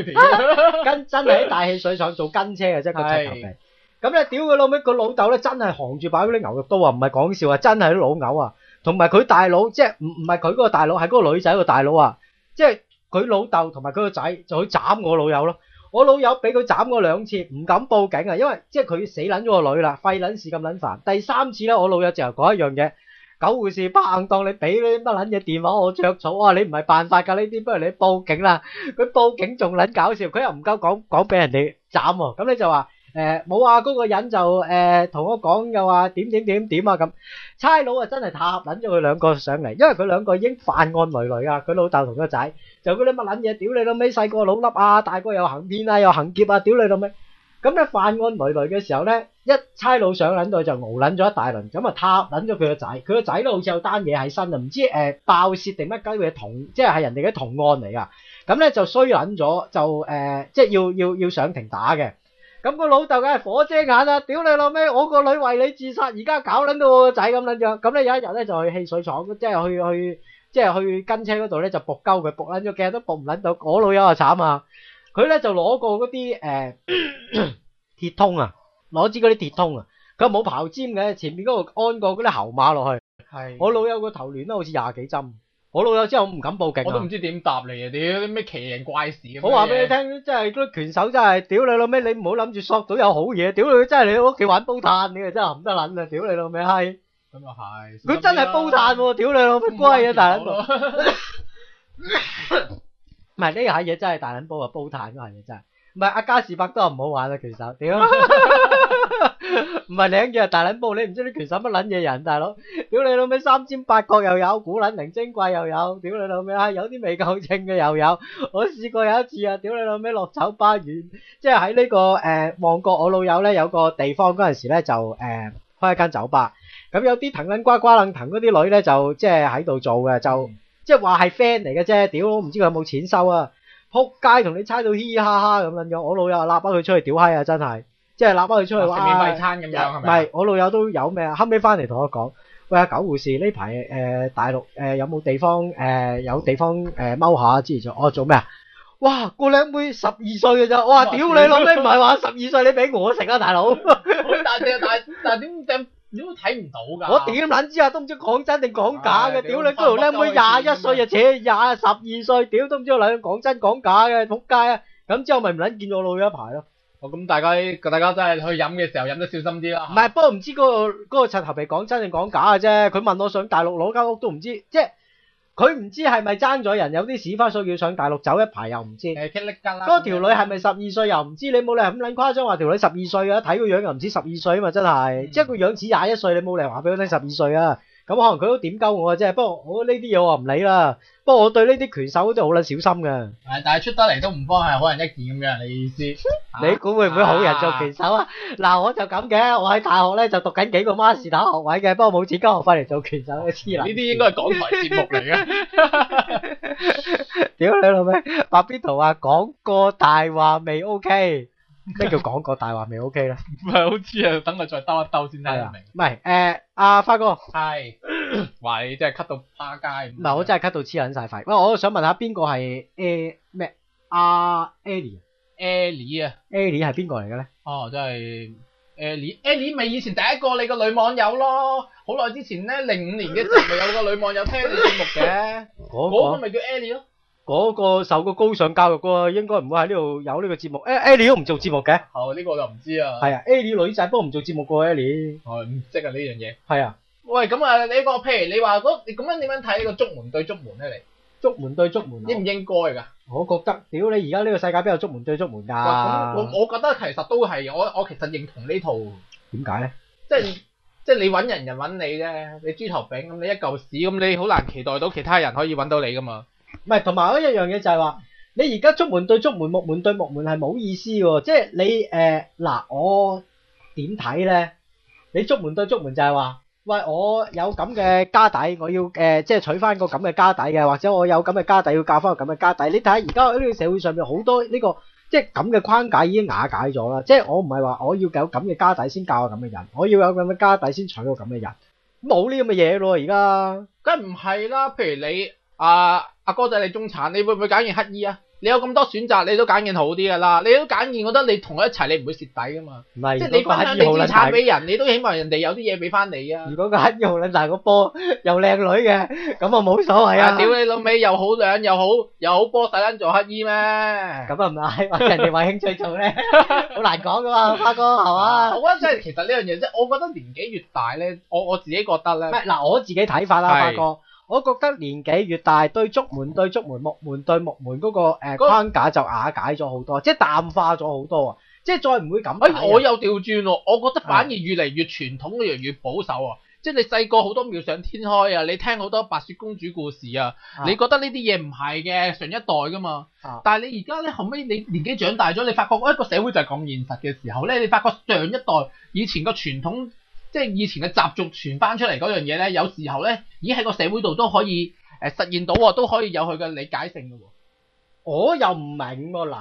跟真係喺大汽水廠做跟車嘅，即係個臭球迷。咁你屌佢老味，個老豆咧真係扛住擺嗰啲牛肉刀啊！唔係講笑啊，真係老牛啊！同埋佢大佬，即係唔唔係佢嗰個大佬，係嗰個女仔個大佬啊！即係佢老豆同埋佢個仔就去斬我老友咯。我老友俾佢斬過兩次，唔敢報警啊，因為即係佢死捻咗個女啦，費捻事咁捻煩。第三次咧，我老友就又講一樣嘢：，狗護士、不行當，你俾你乜捻嘢電話我著草啊！你唔係辦法噶呢啲，不如你報警啦，啊。佢報警仲捻搞笑，佢又唔夠講講俾人哋斬喎。咁你就話。誒，冇啊！嗰個人就誒同我講又話點點點點啊咁，差佬啊真係塌捻咗佢兩個上嚟，因為佢兩個已經犯案累累啊。佢老豆同個仔就嗰啲乜捻嘢，屌你老尾細個老笠啊，大個又行騙啊，又行劫啊，屌你老尾！咁咧犯案累累嘅時候咧，一差佬上捻到就敖捻咗一大輪，咁啊塌捻咗佢個仔，佢個仔都好似有單嘢喺身啊，唔知誒爆竊定乜鬼嘢同，即係係人哋嘅同案嚟噶。咁咧就衰捻咗，就誒即係要要要上庭打嘅。咁個老豆梗係火遮眼啦！屌你老味，我個女為你自殺，而家搞捻到我個仔咁捻樣。咁咧有一日咧就去汽水廠，即係去去，即係去跟車嗰度咧就撲鳩佢，撲捻咗幾日都撲唔捻到。我老友啊慘啊，佢咧就攞過嗰啲誒鐵通啊，攞支嗰啲鐵通啊，佢冇刨尖嘅，前面嗰度安過嗰啲喉馬落去。係是的 我老友個頭亂都好似廿幾針。我老友之後唔敢報警我都唔知點答你啊！屌啲咩奇人怪事咁！好話俾你聽，真係拳手真係，屌你老咩！你唔好諗住索到有好嘢，屌你真係嚟屋企玩煲炭，你真係含得卵啊！屌你老咩閪！咁又係，佢真係煲炭喎！屌你老咩龜啊！大捻煲，唔係呢下嘢真係大捻煲啊！煲炭呢下嘢真係，唔係阿加士伯都唔好玩啊！拳手，屌！唔係領嘅大捻布，你唔知啲拳手乜捻嘢人，大佬，屌你老味三尖八角又有，古捻靈精怪又有，屌你老味啊，有啲未夠正嘅又有，我試過有一次啊，屌你老味落酒吧，遠即係喺呢個誒旺角，我老友咧有個地方嗰陣時咧就誒開一間酒吧，咁有啲騰捻瓜瓜捻騰嗰啲女咧就即係喺度做嘅，就即係話係 friend 嚟嘅啫。屌唔知佢有冇錢收啊，仆街同你猜到嘻嘻哈哈咁捻樣，我老友啊拉翻佢出去屌嗨啊，真係。即係揦翻佢出去哇！食免費餐咁樣係咪？唔係我老友都有咩啊？後尾翻嚟同我講：喂阿狗護士呢排誒大陸誒有冇地方誒有地方誒踎下之類？我做咩啊？哇個靚妹十二歲嘅咋？我話：屌你老味唔係話十二歲？你俾我食啊大佬！但係但係點點點都睇唔到㗎！我點撚知啊？都唔知講真定講假嘅？屌你嗰條靚妹廿一歲啊？扯廿十二歲？屌都唔知我老友講真講假嘅？仆街啊！咁之後咪唔撚見我老友一排咯～咁、嗯、大家，大家真係去飲嘅時候飲得小心啲啦。唔、啊、係，不過唔知嗰、那個嗰、那個陳頭皮講真定講假嘅啫。佢問我上大陸攞間屋都唔知，即係佢唔知係咪爭咗人，有啲屎花碎要上大陸走一排又唔知。誒、嗯，嗰條女係咪十二歲又唔知？你冇理咁撚誇張話條女十二歲，歲、嗯、歲，歲啊！睇個樣又唔似十二歲啊嘛，真係。即係個樣似廿一歲，你冇理話俾佢聽十二歲啊！咁可能佢都點鳩我啫，不過我呢啲嘢我唔理啦。不過我對呢啲拳手都好捻小心嘅。但係出得嚟都唔慌係好人一件咁嘅，你意思？ 你估會唔會好人做拳手啊？嗱、啊啊，我就咁嘅，我喺大學咧就讀緊幾個 master 學位嘅，不過冇錢交學費嚟做拳手，黐線！呢啲應該係港台節目嚟嘅。屌你老味，白邊圖啊，講個大話未？OK。咩叫講個大話未？O K 啦，唔係好知啊，等佢再兜一兜先睇明。唔係誒，阿花哥係話 你真係咳到巴街。唔係我真係咳到黐撚曬肺。喂，我想問下邊個係誒咩？阿 Ellie，Ellie 啊，Ellie 係邊個嚟嘅咧？哦，真係 Ellie，Ellie 咪以前第一個你個女網友咯。好耐之前咧，零五年嘅時候咪 有個女網友聽你節目嘅，嗰、 嗰個咪叫 Ellie 咯。嗰個受過高尚教育個應該唔會喺呢度有呢個節目。誒誒，你都唔做節目嘅？哦，呢個我就唔知啊。係啊，誒你女仔幫唔做節目過誒你？係唔識啊呢樣嘢。係啊。喂，咁啊，你個譬如你話嗰你咁樣點樣睇呢個竹門對竹門咧？你竹門對竹門應唔應該㗎？我覺得，屌你而家呢個世界邊有竹門對竹門㗎？我我覺得其實都係，我我其實認同呢套。點解咧？即係即係你揾人，人揾你啫。你豬頭餅咁，你一嚿屎咁，你好難期待到其他人可以揾到你噶嘛。唔係同埋一樣嘢就係話，你而家竹門對竹門，木門對木門係冇意思嘅。即係你誒嗱、呃，我點睇咧？你竹門對竹門就係話，喂，我有咁嘅家底，我要誒、呃、即係娶翻個咁嘅家底嘅，或者我有咁嘅家底要嫁翻個咁嘅家底。你睇下而家呢個社會上面好多呢、呢個即係咁嘅框架已經瓦解咗啦。即係我唔係話我要有咁嘅家底先嫁我咁嘅人，我要有咁嘅家底先娶個咁嘅人，冇呢咁嘅嘢咯。而家梗唔係啦，譬如你啊～阿哥就係中產，你會唔會揀件乞衣啊？你有咁多選擇，你都揀件好啲噶啦，你都揀件，我覺得你同佢一齊，你唔會蝕底噶嘛。唔係，即係你分享你資產俾人，你都希望人哋有啲嘢俾翻你啊。如果個乞衣好靚，但係個波又靚女嘅，咁啊冇所謂啊。屌你老味，又好靚又好又好波，使卵做乞衣咩？咁啊唔係，或者人哋為興趣做咧，好難講噶嘛，阿哥係嘛？好啊，即係其實呢樣嘢即係，我覺得年紀越大咧，我我自己覺得咧，嗱，我自己睇法啦，阿哥。我覺得年紀越大，對竹門對竹門木門對木門嗰個框架就瓦解咗好多，即係淡化咗好多啊！即係再唔會咁。哎，我又調轉喎，我覺得反而越嚟越傳統嘅人越嚟越保守啊！即係你細個好多妙想天開啊，你聽好多白雪公主故事啊，你覺得呢啲嘢唔係嘅，上一代㗎嘛。但係你而家咧後尾你年紀長大咗，你發覺一、哎這個社會就係咁現實嘅時候咧，你發覺上一代以前個傳統。即係以前嘅習俗傳翻出嚟嗰樣嘢咧，有時候咧，已經喺個社會度都可以誒實現到喎，都可以有佢嘅理解性嘅喎。我又唔明喎，嗱，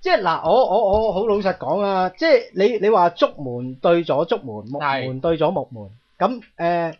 即係嗱、呃，我我我好老實講啊，即係你你話竹門對咗竹門，木門對咗木門，咁誒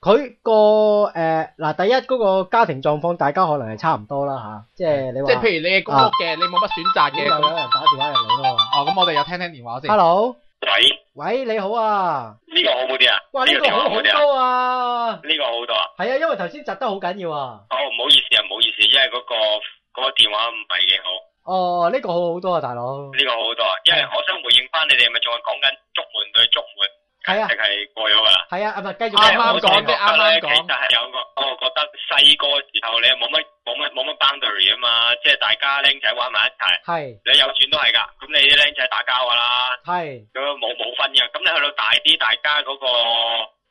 佢個誒嗱、呃、第一嗰、嗰個家庭狀況，大家可能係差唔多啦嚇、啊就是，即係你話，即係譬如你係屋嘅，啊、你冇乜選擇嘅，又、嗯、有人打電話入嚟喎。哦，咁我哋又聽聽電話先。Hello。喂喂，你好啊！呢個好冇啲啊？哇，呢個好好多啊！呢個好多啊！係啊，啊，因為頭先窒得好緊要啊！哦，唔好意思啊，唔好意思、啊，因為嗰、那個嗰、那個電話唔係幾好。哦，呢、這個好好多啊，大佬。呢個好好多啊，因為我想回應翻你哋，係咪仲係講緊竹門對竹門？係啊，直係過咗㗎啦。係啊，啊唔係，繼續啱啱講。講。啱啱其實係有個，我覺得細個時候你冇乜冇乜冇乜 boundary 啊嘛，即係大家僆仔玩埋一齊。係是。你有錢都係㗎，咁你啲僆仔打交㗎啦。係是。咁冇冇分㗎，咁你去到大啲，大家嗰個。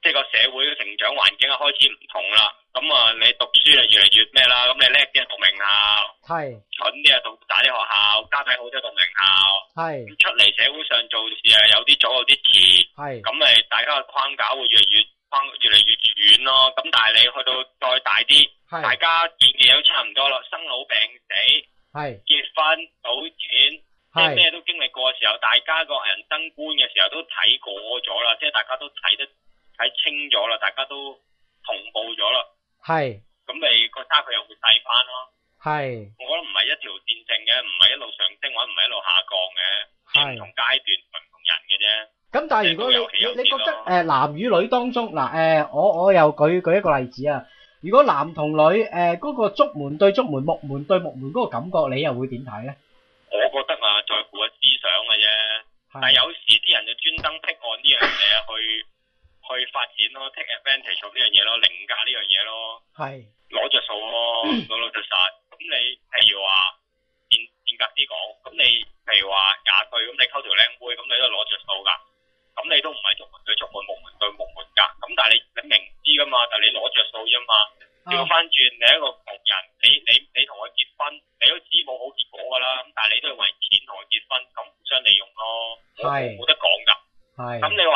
即係個社會嘅成長環境啊，開始唔同啦。咁啊，你讀書啊，越嚟越咩啦？咁你叻啲啊，讀名校；係是蠢啲啊，讀大啲學校。家底好啲，讀名校。係是出嚟社會上做事啊，有啲早，有啲遲。係咁咪大家嘅框架會越嚟越框，越嚟越遠咯。咁但係你去到再大啲，是大家見嘅嘢，都差唔多咯。生老病死，係是結婚、賭錢，即係咩都經歷過嘅時候，大家個人生觀嘅時候都睇過咗啦。即係大家都睇得。睇清咗啦，大家都同步咗啦。係，咁咪個差距又會細翻咯。係，我覺得唔係一條線性嘅，唔係一路上升，或者唔係一路下降嘅，唔同階段同唔同人嘅啫。咁但係如果你，你覺得，誒男與女當中，嗱，誒我我又舉舉一個例子啊，如果男同女誒嗰個竹門對竹門，木門對木門嗰個感覺，你又會點睇咧？我覺得啊在乎嘅思想嘅啫，但係有時啲人就專登剔案呢樣嘢去。去發展咯，take advantage 做呢樣嘢咯，領價呢樣嘢咯，係攞着數咯，老老實實。咁你譬如話，變變格啲講，咁你譬如話廿歲，咁你溝條靚妹，咁你都攞着數噶。咁你都唔係竹門對竹門，木門對木門噶。咁但係你你明知噶嘛，但係你攞着數啫嘛。調翻轉，你一個窮人，你你你同佢結婚，你都知冇好結果噶啦。咁但係你都係為錢同佢結婚，咁互相利用咯，冇冇得講噶。係。咁你話？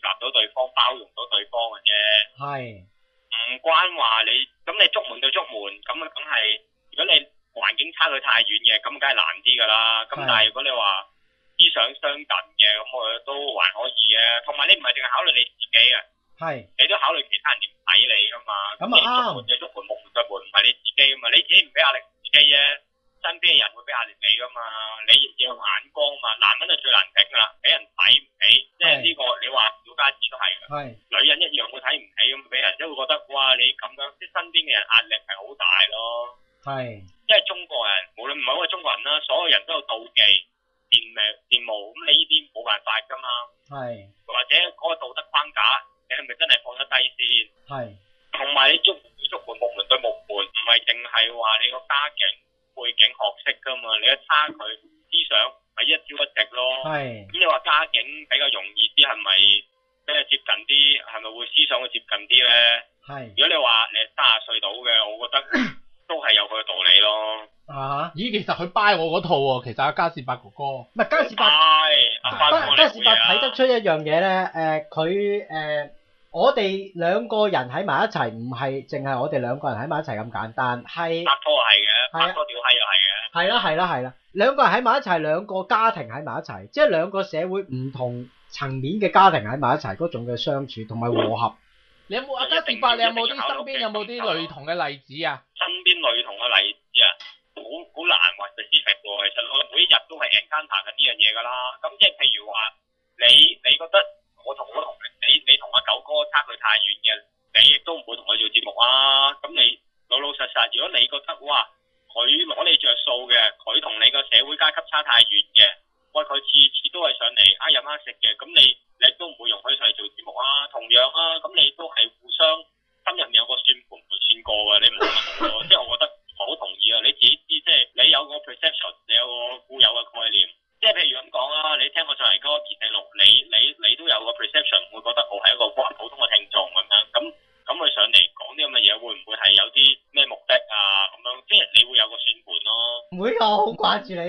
拉我嗰套喎，其實阿加士伯哥哥，唔係加士伯，加士伯睇得出一樣嘢咧，誒佢誒我哋兩個人喺埋一齊，唔係淨係我哋兩個人喺埋一齊咁簡單，但係拍拖又係嘅，拍拖屌閪又係嘅，係啦係啦係啦，兩個人喺埋一齊，兩個家庭喺埋一齊，即係兩個社會唔同層面嘅家庭喺埋一齊嗰種嘅相處同埋和合。你有冇阿加士伯，你有冇啲身邊有冇啲類同嘅例子啊？即係譬如話，你你覺得我同我同你你你同阿九哥差距太遠嘅。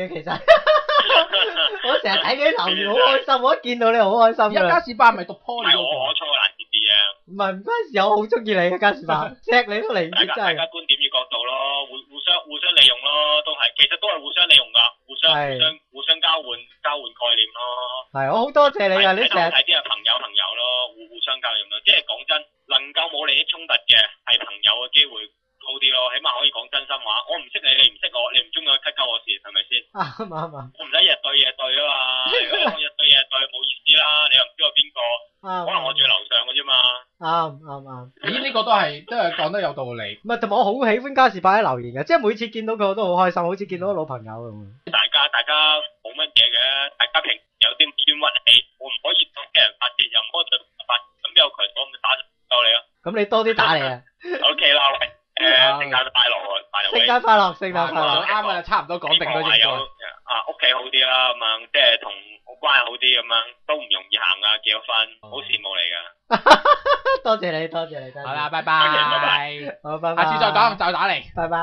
其實我成日睇你留言好開心，我一見到你好開心。一加四八咪讀破咯。係我錯難啲啲啊。唔係唔關事，我好中意你一加四八，錫你都嚟。大家大家觀點與角度咯，互互相互相利用咯，都係其實都係互相利用噶，互相互相互相交換交換概念咯。係我好多謝你啊！你成日。啱啊！我唔使日對夜對啊嘛，如果我日對夜對冇意思啦，你又唔知我邊個，可能我住喺樓上嘅啫嘛。啱啱啊！咦，呢個都係都係講得有道理。唔係，同埋我好喜歡嘉士伯喺留言嘅，即係每次見到佢我都好開心，好似見到老朋友咁。大家大家冇乜嘢嘅，大家平時有啲冤屈氣，我唔可以對屋企人發泄，又唔可以對同事發泄，咁有渠道咪打唔夠你咯？咁你多啲打嚟啊！O K 啦，誒，聖誕快樂，聖誕快樂，聖誕快樂，啱啦，差唔多講定都算。多謝你，多謝你，好啦，拜拜，好，拜拜，下次再講，再打嚟，拜拜。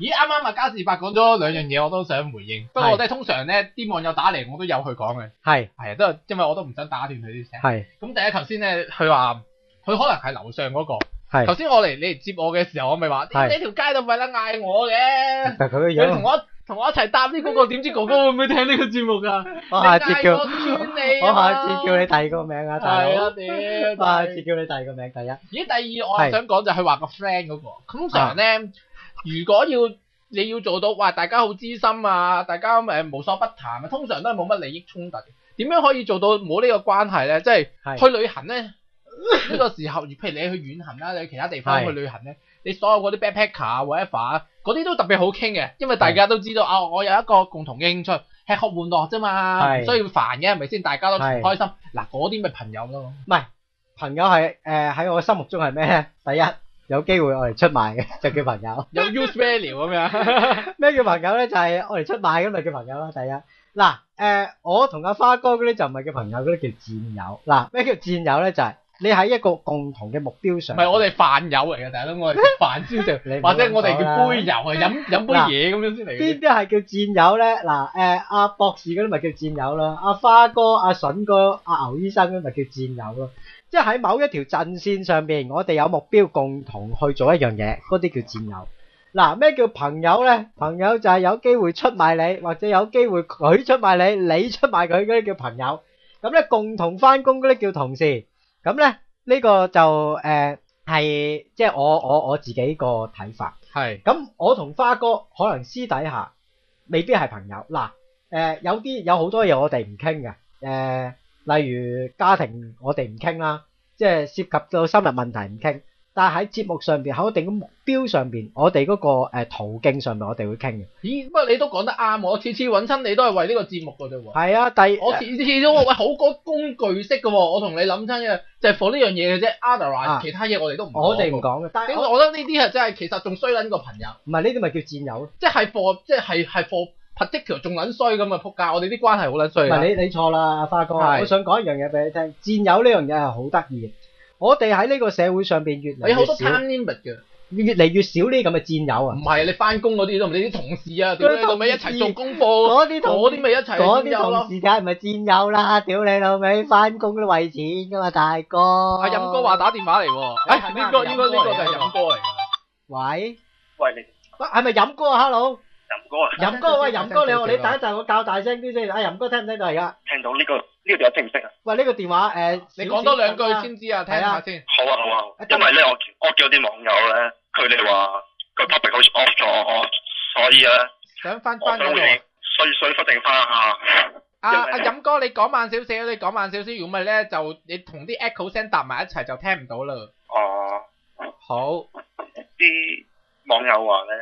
咦，啱啱啊，嘉士伯講咗兩樣嘢，我都想回應。不過我都係通常咧，啲網友打嚟，我都有佢講嘅。係係，都係，因為我都唔想打斷佢啲聲。係。咁第一，頭先咧，佢話佢可能係樓上嗰個。係。頭先我嚟你嚟接我嘅時候，我咪話，呢條街都唔係得嗌我嘅。但係佢嘅樣。我。同我一齊答呢嗰個，點知哥哥會唔會聽呢個節目噶、啊？我下次叫、啊，我下次叫你第二個名啊，大佬。係我下次叫你第二個名、啊，第一。咦，第二是我係想講就係話個 friend 嗰個。通常咧，是如果要你要做到，哇，大家好知心啊，大家咁誒無所不談啊，通常都係冇乜利益衝突嘅。點樣可以做到冇呢個關係咧？即、就、係、是、去旅行咧，呢個是時候，譬如你去遠行啦，你去其他地方去旅行咧，是你所有嗰啲 backpacker 啊，whatever 嗰啲都特別好傾嘅，因為大家都知道啊，我有一個共同嘅興趣，吃喝玩樂啫嘛，唔需要煩嘅，係咪先？大家都開心，嗱，嗰啲咪朋友咯。唔係朋友係誒，喺我心目中係咩？第一有機會我哋出賣嘅就叫朋友。有 use value 咁樣。咩叫朋友咧？就係我哋出賣咁咪叫朋友啦。第一嗱誒，我同阿花哥嗰啲就唔係叫朋友，嗰啲叫戰友。嗱，咩叫戰友咧？就係。你喺一個共同嘅目標上，唔係我哋飯友嚟嘅，大佬我哋食飯先， 或者我哋叫杯友， 飲飲杯嘢咁樣先嚟。邊啲係叫戰友咧？嗱、啊，誒、啊、阿博士嗰啲咪叫戰友啦，阿、啊、花哥、阿、啊、筍哥、阿、啊、牛醫生嗰啲咪叫戰友咯。即係喺某一條陣線上邊，我哋有目標共同去做一樣嘢，嗰啲叫戰友。嗱、啊，咩叫朋友咧？朋友就係有機會出賣你，或者有機會佢出賣你，你出賣佢嗰啲叫朋友。咁咧，共同翻工嗰啲叫同事。咁咧呢、呢個就誒係、呃、即係我我我自己個睇法。係咁是、嗯，我同花哥可能私底下未必係朋友。嗱誒、呃，有啲有好多嘢我哋唔傾嘅誒，例如家庭我哋唔傾啦，即係涉及到私人問題唔傾。但喺節目上邊，喺定嘅目標上邊，我哋嗰個途徑上面，我哋會傾嘅。咦，不過你都講得啱，我次次揾親你都係為呢個節目嘅啫喎。係啊，但係我次次都喂好多工具式嘅喎，我同你諗親嘅就係、是、for 呢樣嘢嘅啫，otherwise、啊、其他嘢我哋都唔講。我哋唔講嘅，但係我，我覺得呢啲係真係其實仲衰撚過朋友。唔係呢啲咪叫戰友，即係 for 即係係 for particular 仲撚衰咁啊！仆街，我哋啲關係好撚衰。唔係你你錯啦，花哥，是我想講一樣嘢俾你聽，戰友呢樣嘢係好得意嘅。我哋喺呢個社會上邊越嚟越少。你好多 tan limit 嘅，越嚟越少呢咁嘅戰友啊。唔係，你翻工嗰啲都唔，你啲同事啊，屌你老味一齊做功課，嗰啲同嗰啲咪一齊。嗰啲同事梗係唔係戰友啦？屌你老味，翻工都為錢㗎嘛，大哥。阿任哥話打電話嚟喎，哎，呢個？應該，呢個就係任哥嚟㗎？喂，喂你，喂係咪任哥啊？Hello，任哥啊，任哥，喂任哥，你你等一陣，我較大聲啲先。阿任哥聽唔聽到而家？聽到呢個。呢個電話識唔識啊？喂，呢、這個電話誒，呃、你講多兩句先知、嗯、看看啊，睇下先。好啊，好啊。因為咧、嗯，我我叫啲網友咧，佢哋話個 topic 好似 off 咗我，所以咧想翻翻咗，所以所以確定翻下。阿阿錦哥，你講慢少少，你講慢少少，如果唔係咧就你同啲 echo 聲搭埋一齊就聽唔到啦。哦、啊，好。啲網友話咧，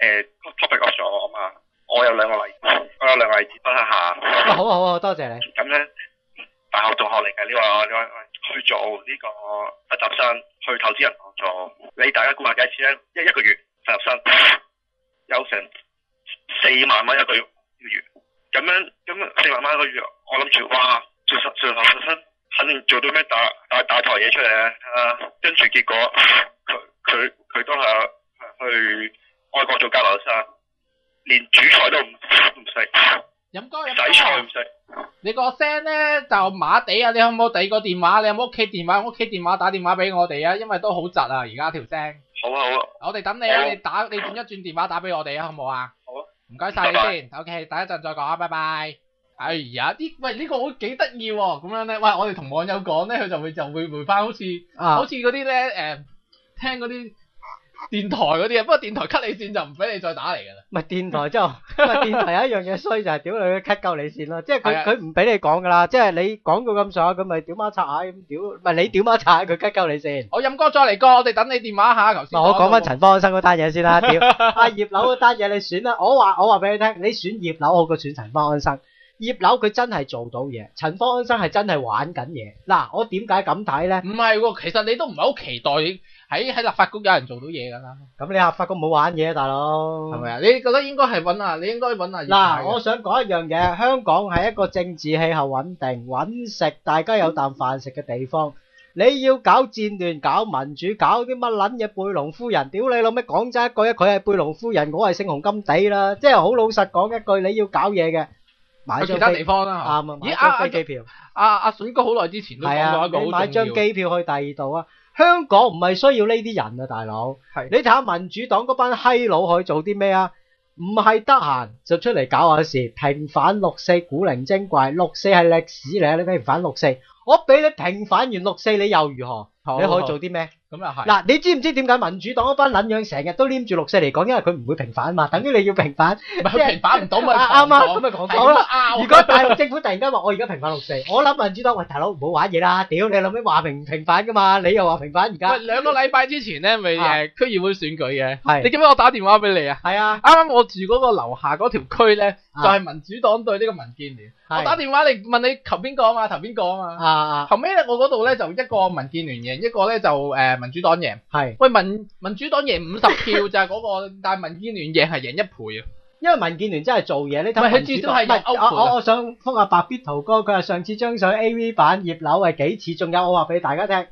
誒、呃、，topic off 咗我啊嘛。我有兩個例子，我有兩個例子分享下。好好好，多謝你。咁咧，大學同學嚟嘅，你話你話去做呢個實習生，去投資銀行做。你大家估下幾錢咧？一個一個月，實習生有成四萬蚊一個月。咁樣咁四萬蚊一個月，我諗住哇，做實做實習生，肯定做到咩大大大台嘢出嚟咧。誒、啊，跟住結果，佢佢佢都係去外國做交流生。連主菜都唔唔食，飲雞飲雞都唔食。你個聲咧就馬地啊！你可唔可以俾個電話？你有冇屋企電話？屋企電話打電話俾我哋啊！因為都好窒啊，而家條聲。好啊好啊，我哋等你啊！你打你轉一轉電話打俾我哋啊，好唔好啊？好啊，唔該晒你先。O K，等一陣再講啊，拜拜。哎呀，啲喂呢個好幾得意喎，咁樣咧，喂我哋同網友講咧，佢就會就會回翻，好似好似嗰啲咧誒聽嗰啲。.電台嗰啲啊，不過電台 cut 你線就唔俾你再打嚟噶啦。唔係電台之後，唔係電台有一樣嘢衰就係屌你去 cut 鳩你線咯，即係佢佢唔俾你講噶啦，即係你講到咁上下，咁咪屌媽拆下咁屌，唔係你屌媽拆下佢 cut 鳩你線。我任哥再嚟過，我哋等你電話下頭先。嗱，我講翻陳方安生嗰單嘢先啦，屌阿葉劉嗰單嘢你選啦，我話我話俾你聽，你選葉劉好過選陳方安生，葉劉佢真係做到嘢，陳方安生係真係玩緊嘢。嗱，我點解咁睇咧？唔係喎，其實你都唔係好期待。喺喺立法局有人做到嘢噶啦，咁你立法局冇玩嘢啊，大佬，係咪啊？你覺得應該係搵下，你應該搵下。嗱，我想講一樣嘢，香港係一個政治氣候穩定、揾食大家有啖飯食嘅地方。你要搞戰亂、搞民主、搞啲乜撚嘢？貝隆夫人，屌你老咩！講真一句啊，佢係貝隆夫人，我係姓洪金地啦，即係好老實講一句，你要搞嘢嘅，買張其他地方啦，啱啊，咦？阿阿阿水哥好耐之前都講過一句，買張機票去第二度啊。香港唔係需要呢啲人啊，大佬。係是的 你睇下民主黨嗰班閪佬可以做啲咩啊？唔係得閒就出嚟搞下事，平反六四古靈精怪，六四係歷史嚟啊！你平反六四，我俾你平反完六四，你又如何？好好，你可以做啲咩？咁又係嗱，你知唔知點解民主黨嗰班撚樣成日都黏住六四嚟講？因為佢唔會平反嘛，等於你要平反，唔係佢平反唔到咪啱啊？咁咪講到啦。如果大陸政府突然間話我而家平反六四，我諗民主黨喂大佬唔好玩嘢啦，屌你諗啲話平平反噶嘛？你又話平反而家？唔係兩個禮拜之前咧，咪誒區議會選舉嘅，你記唔記得我打電話俾你啊？係啊，啱啱我住嗰個樓下嗰條區咧，就係民主黨對呢個民建聯，我打電話嚟問你投邊個啊嘛？投邊個啊嘛？啊啊，後尾咧我嗰度咧就一個民建聯贏，一個咧就誒。民主黨贏係，喂民民主黨贏五十票就係嗰個，但係民建聯贏係贏一倍啊！因為民建聯真係做嘢，你睇唔係至少係歐。我我我想封阿白必濤哥，佢話上次張相 AV 版葉劉係幾次？仲有我話俾大家聽。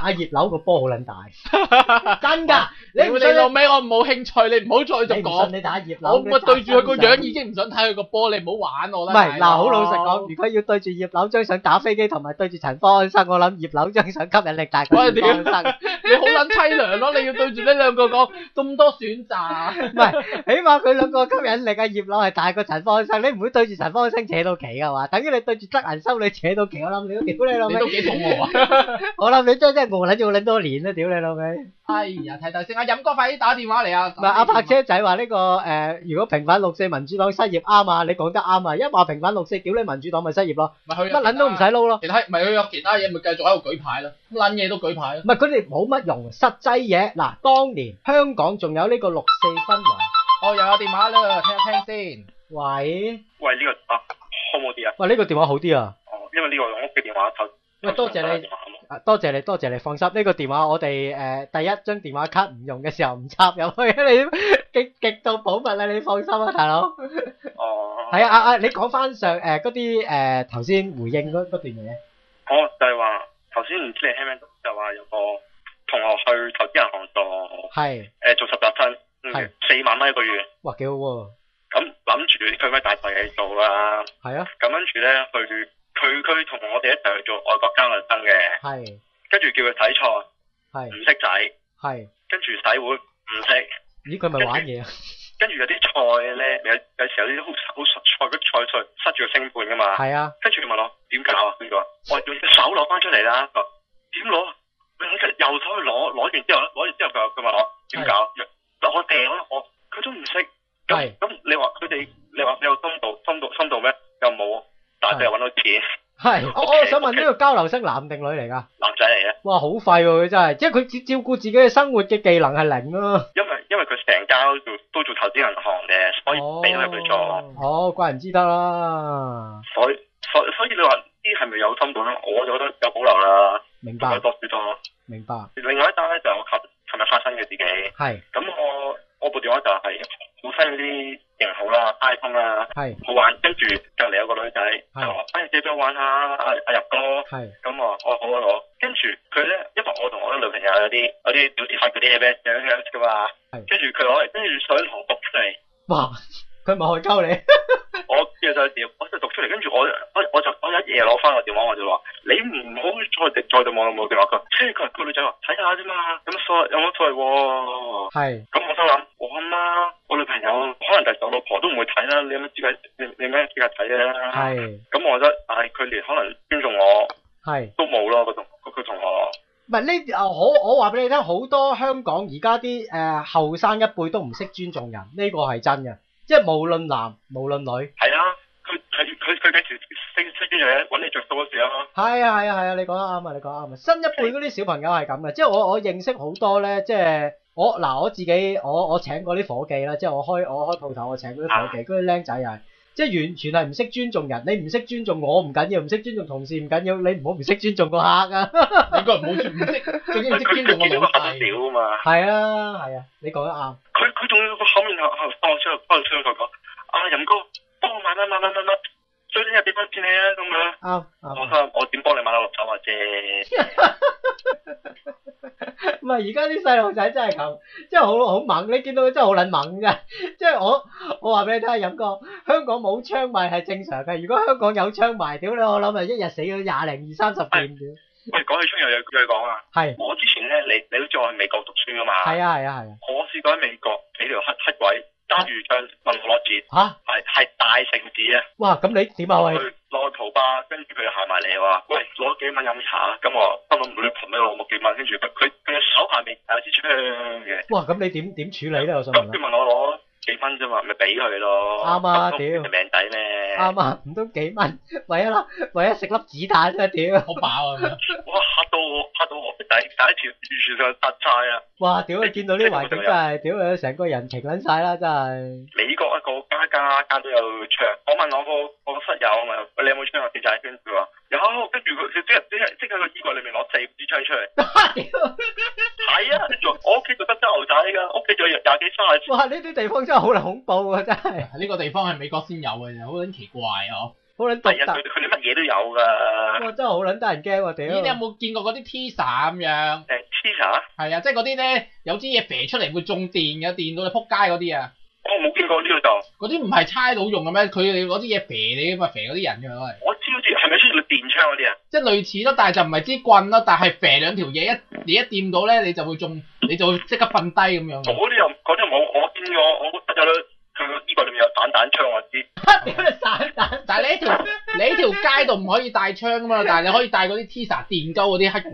阿葉劉個波好撚大， 真噶的！你唔到尾，我冇興趣。你唔好再就講。我我對住佢個樣已經唔想睇佢個波，你唔好玩我啦。唔係嗱，好老實講，如果要對住葉劉張相打飛機同埋對住陳方生，我諗葉劉張相吸引力大過陳方生。你好撚淒涼咯！你要對住呢兩個講咁多選擇。唔係，起碼佢兩個吸引力阿葉劉係大過陳方生。你唔會對住陳方生扯到旗噶嘛？等於你對住德蘭修女扯到旗，我諗你屌你老味。你都幾肚餓啊？ 我諗你真真係戇捻住，我諗多年啦！屌你老味，哎呀，睇頭先啊！阿任哥快啲打電話嚟啊！唔係阿柏車仔話呢個誒，如果平反六四民主黨失業啱啊，你講得啱啊！一話平反六四，屌你民主黨咪失業咯，乜捻都唔使撈咯。其他咪去約其他嘢，咪繼續喺度舉牌咯，捻嘢都舉牌咯。唔係佢哋冇乜用失劑嘢嗱，當年香港仲有呢個六四氛圍。哦，又有電話啦，聽一聽先。喂喂，呢個啊好唔好啲啊？喂，呢個電話好啲啊？哦，因為呢個用屋嘅電話頭。喂，多謝你。多謝你，多謝你放心，呢、這個電話我哋誒、呃、第一張電話卡唔用嘅時候唔插入去，你極極度保密啦，你放心啊，大佬。哦。係 啊，啊啊，你講翻上誒嗰啲誒頭先回應嗰段嘢、哦。我就係話頭先唔知你聽唔聽，就話有個同學去投資銀行做，係的，誒、呃、做實習生，係、嗯，四萬蚊一個月。哇，幾好喎！咁諗住佢咪打份嘢做啦。係啊的，咁跟住咧去。佢佢同我哋一齊去做外國交流生嘅，係，跟住叫佢睇菜，係，唔識洗，係，跟住洗碗唔識，咦佢咪玩嘢啊？跟住有啲菜咧，有有時候啲好手菜嗰菜菜塞住個星盆噶嘛，係啊，跟住佢問我點搞啊？邊個？我用隻手攞翻出嚟啦，點攞？咪喺隻右手去攞，攞完之後，攞完之後佢佢問我點搞是的？我掟咯、啊，我佢都唔識，咁的你話佢哋，你話你有深度深度深度咩？又冇。但係都係搵到錢，係，我、哦、Okay, 我想問呢個交流男男生男定女嚟噶？男仔嚟嘅。哇，好廢喎佢真係，即係佢照照顧自己嘅生活嘅技能係零咯。因為、啊、因為佢成交做都做投資銀行嘅，所以俾咗佢做。哦，怪唔之得啦。所所以所以你話啲係咪有心度咧？我就覺得有保留啦。明白。唔該多謝。明白。另外一單咧就係琴琴日發生嘅自己。係的。咁我我部電話就係、是。好犀利嗰啲型號啦，iPhone 啦，是好玩。跟住隔籬有個女仔，是就話：哎，借俾我玩下阿阿入哥，咁是我我好啊我。跟住佢咧，因為我同我啲女朋友有啲有啲表弟發嗰啲 A P P，有 A P P 噶嘛。跟住佢攞嚟，跟住水龍頭碌出嚟。佢咪去溝你， 我其實我，我，我，我，我，我就讀出嚟，跟住我我、啊、是 我就我一夜攞翻個電話，我就話你唔好再再對望我部電話佢，跟住佢個女仔話睇下啫嘛，有乜所謂有乜所謂係咁，我心諗我阿媽我女朋友可能第時，我老婆都唔會睇啦，你有乜資格你你咩資格睇啊？係咁是 我覺得唉，佢哋可能尊重我係都冇咯，個同個同學唔係呢？好，我話俾你聽，好多香港而家啲誒後生一輩都唔識尊重人，呢個係真嘅。即係無論男無論女，係啊，佢佢佢佢嘅條性性質嚟揾你著數嗰時啊嘛，係啊係啊係啊，你講得啱啊，你講得啱啊，新一輩嗰啲小朋友係咁嘅，即係我我認識好多咧，即係我嗱我自己，我我請過啲夥計啦，即係我開我開鋪頭，我請嗰啲夥計，嗰啲僆仔係即係完全係唔識尊重人，你唔識尊重我唔緊要，唔識尊重同事唔緊要，你唔好唔識尊重個客啊，應該唔好唔識，仲要唔識尊重我老細，係啊係啊，你講得啱，佢佢仲。啊！幫我出去，幫我出去講。阿任哥，幫我買乜乜乜乜乜，最緊要幾多錢你 oh, oh, 我啊？咁樣。啊我心，我點幫你買粒手環啫？唔係， 而家啲細路仔真係咁，真係好好猛。你見到佢真係好撚猛㗎！即 係我，我話俾你聽，任哥，香港冇槍賣係正常嘅。如果香港有槍賣，屌你，我諗啊，一日死咗廿零二三十件。喂，講起槍又有嘢講啊！係我之前咧，你你都知我去美國讀書噶嘛？係啊係啊係。啊我試過喺美國俾條黑黑鬼揸住槍問我攞錢，吓係係大城市啊！哇去！咁你點啊？喂，我去蒲吧，跟住佢行埋嚟話，喂，攞幾蚊飲茶，咁我心諗唔會憑咩攞冇幾蚊？跟住佢佢嘅手下面係有支槍嘅。哇！咁你點點處理咧？我想問啦。佢問我攞。幾蚊啫嘛，咪俾佢咯。啱了 啊，屌！命抵咩？啱啊，唔通幾蚊？為一粒，為一食粒子彈啊！屌，好飽啊！哇，嚇到我，嚇到我，第第一次完全就突晒啊！哇，屌！你見到呢環境真係，屌佢成個人情捻晒啦，真係。美國個家家家都有槍，我問我個我個室友，我問你有冇穿過鐵質圈？佢話。跟住佢，佢啲人即係即喺個衣櫃裏面攞四五支槍出嚟，係啊，仲我屋企仲得隻牛仔噶，屋企仲有廿幾卅。哇！呢啲地方真係好恐怖啊，真係呢、啊這個地方係美國先有嘅，好捻奇怪啊，好捻獨特。佢哋乜嘢都有噶，真係好捻得人驚、啊。我屌，咦、啊？你有冇見過嗰啲 Taser 咁樣？誒 Taser、嗯、Taser 係啊，即係嗰啲咧有支嘢射出嚟會中電嘅，電到你扑街嗰啲啊！我冇見過呢度，嗰啲唔係差佬用嘅咩？佢哋攞啲嘢射你，咁啊射嗰啲人嘅，我知。佢出電槍嗰啲啊，即係類似咯，但係就唔係支棍咯，但係肥兩條嘢一你一掂到咧，你就會中，你就會即刻瞓低咁樣。我嗰啲又，嗰啲冇，我見過。呢個裏面有散彈槍，我知。散彈，但係你呢條你呢條街度唔可以帶槍㗎嘛，但係你可以帶嗰啲披薩電鳩嗰啲黑鬼。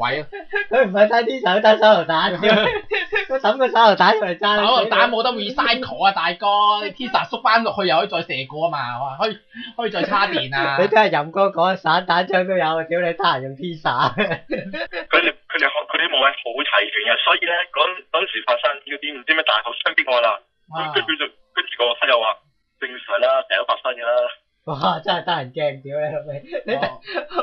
佢唔係得披薩，得手榴彈，佢抌個手榴彈就係爭。手榴彈冇得咁易嘥佢啊，大哥！啲披薩縮翻落去又可以再射過啊嘛，可以可以再插電啊。你聽日任歌講散彈槍都有，屌你差人用披薩。佢哋佢哋佢啲武藝好齊全嘅，所以咧嗰嗰陣時發生啲唔知咩大學生兵案啦，跟住跟住個室友話：正常啦，成日都發生㗎啦。哇！真係得人驚屌你你，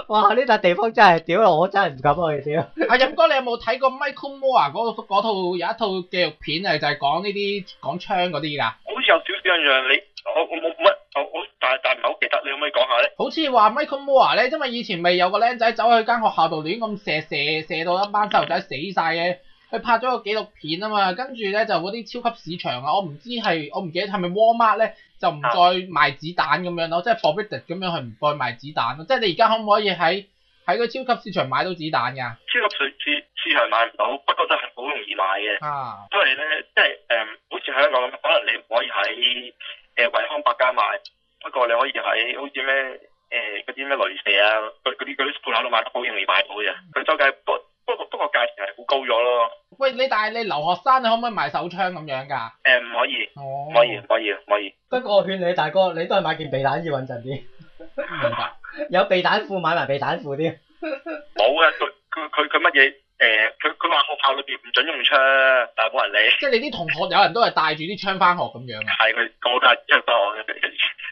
哇！呢笪地方真係屌啊！我真係唔敢去屌。阿任 哥，你有冇睇過 Michael Moore 嗰套有一套紀錄片啊？就係講呢啲講槍嗰啲㗎。好似有少少樣你，我我冇乜，我我，我，我，我，我，我但但唔係好記得，你可唔可以講下咧？好似話 Michael Moore 咧，因為以前咪有個僆仔走去間學校度亂咁射射射到一班細路仔死晒嘅。佢拍咗個紀錄片啊嘛，跟住咧就嗰、是、啲超級市場啊，我唔知係我唔記得係咪 Walmart 咧，就唔再賣子彈咁樣咯，即係 forbid 咁樣佢唔再賣子彈咯。即係你而家可唔可以喺喺個超級市場買到子彈㗎？超級市市場買唔到，不過真係好容易買嘅。啊，因為咧即係誒，好、嗯、似香港咁，可能你唔可以喺誒惠康百佳買，不過你可以喺好似咩誒嗰啲咩雷射啊嗰啲啲鋪頭度買，好容易買到嘅。佢周街不過不過價錢係好高咗咯。喂，你但係你留學生，你可唔可以買手槍咁樣噶？誒唔可以，可以可以可以。不過我勸你大哥，你都係買件避彈要穩陣啲。有避彈褲買埋避彈褲添。冇啊，佢佢佢佢乜嘢？誒，佢佢話學校裏邊唔准用槍，但冇人理。即係你啲同學有人都係帶住啲槍翻學咁樣啊？係佢、啊就是嗯、我都係帶翻學嘅。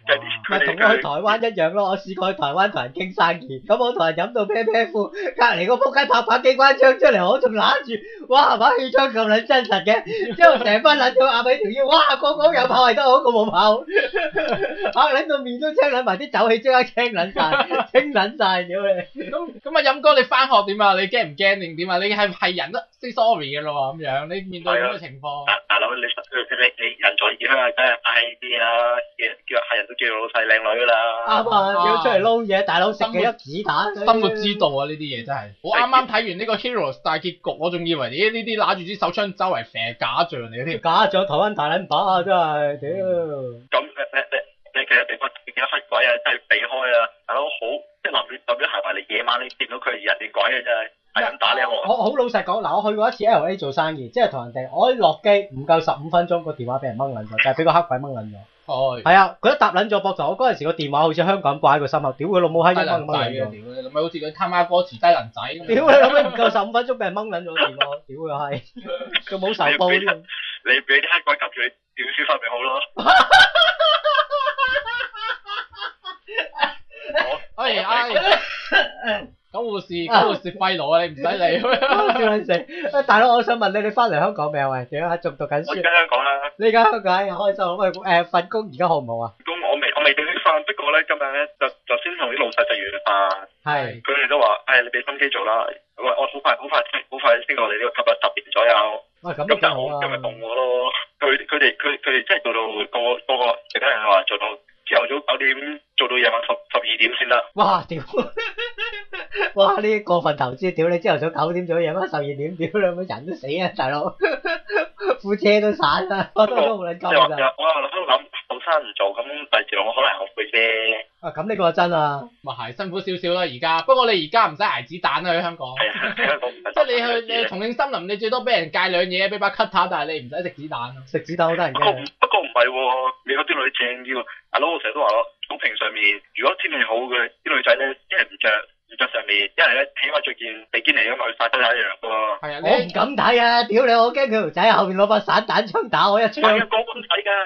哇！咪同我台灣一樣咯，我試過台灣同人傾生意，咁我同人飲到啤啤褲，隔籬個仆街拍拍機關槍出嚟，我仲攬住，哇！把氣槍咁撚真實嘅，之後成班撚住阿尾條腰，哇！個個，個有炮位都好，個冇炮，撚到面都青撚埋，啲酒氣即刻青撚晒，青撚晒，屌你！咁咁啊，飲哥你翻學點啊？你驚唔驚定點啊？你係係人都 say sorry 嘅咯喎，咁樣你面對咁嘅情況，啊、大佬你你你人再醜啊，梗係快啲啦，叫叫客人都叫老細靚女啦，啱吧啊，要出嚟撈嘢，大佬食幾多子彈？生活目之道啊，呢啲嘢真係。對我啱啱睇完呢個 heroes 大結局，我仲以為咦呢啲攞住支手槍周圍射假象嚟啊，啲假象台灣大撚打啊，真係，屌、嗯。咁誒誒誒，你、嗯、其他地方其他黑鬼啊，真係避開啊，大佬好，即係臨臨尾行埋嚟，夜晚你見到佢係人定鬼啊，真係。係人打你我，我好老實講，嗱，我去過一次 LA 做生意，即係同人哋，我落機唔夠十五分鐘，個電話俾人掹捻咗，就係俾個黑鬼掹捻咗。哦， 係啊，佢一搭捻咗膊頭，我嗰陣時個電話好似香港掛喺個心口，屌佢老母閪，咁樣點啫？唔好似佢他媽哥池低能仔，屌佢老母，唔夠十五分鐘俾人掹捻咗電話，屌又係，佢冇 仇報。你俾啲黑鬼及住你點抒發咪好咯？好，係係。咁護士，咁護士貴羅啊！你唔使理。咁大佬，我想問你，你翻嚟香港未喂，點啊？仲讀緊書？我而家香港啦。你而家香港開收咩份工而家好唔好啊？工，好好工我未，我未正式翻。不過咧，今日咧就就先同啲老細食完飯。係是。佢哋都話，誒、哎，你俾心機做啦。喂，我好快，好快好快先到嚟呢、這個級別十年左右。喂、啊，咁就好、嗯、今日凍我咯。佢佢哋佢佢哋真係做到個個個其他人話做到朝頭早九點做到夜晚十十二點先得。哇！屌。 哇！呢啲過分投資，屌你！朝頭早九點做嘢咩？十二點屌你，兩個人都死啊，大佬！副車都散啦過。我都好無論今日，我又諗諗後生唔做，咁第時我可能後悔啫。啊咁呢個真啊，咪係辛苦少少啦。而家 不過你而家唔使挨子彈啊，去香港。係啊，去香港即係你去你去重慶森林，你最多俾人戒兩嘢，俾把吸塔，但係你唔使食子彈。食子彈好多人驚。不過唔係喎，你嗰啲女正啲喎。阿佬，我成日都話咯，股屏上面如果天氣好嘅啲女仔咧，一係唔着。上面，一嚟咧，起碼最近比堅尼啊嘛，佢發都係一樣噶喎。係啊，我唔敢睇啊！屌你，我驚佢條仔後面攞把散彈槍打我一出高唔睇噶。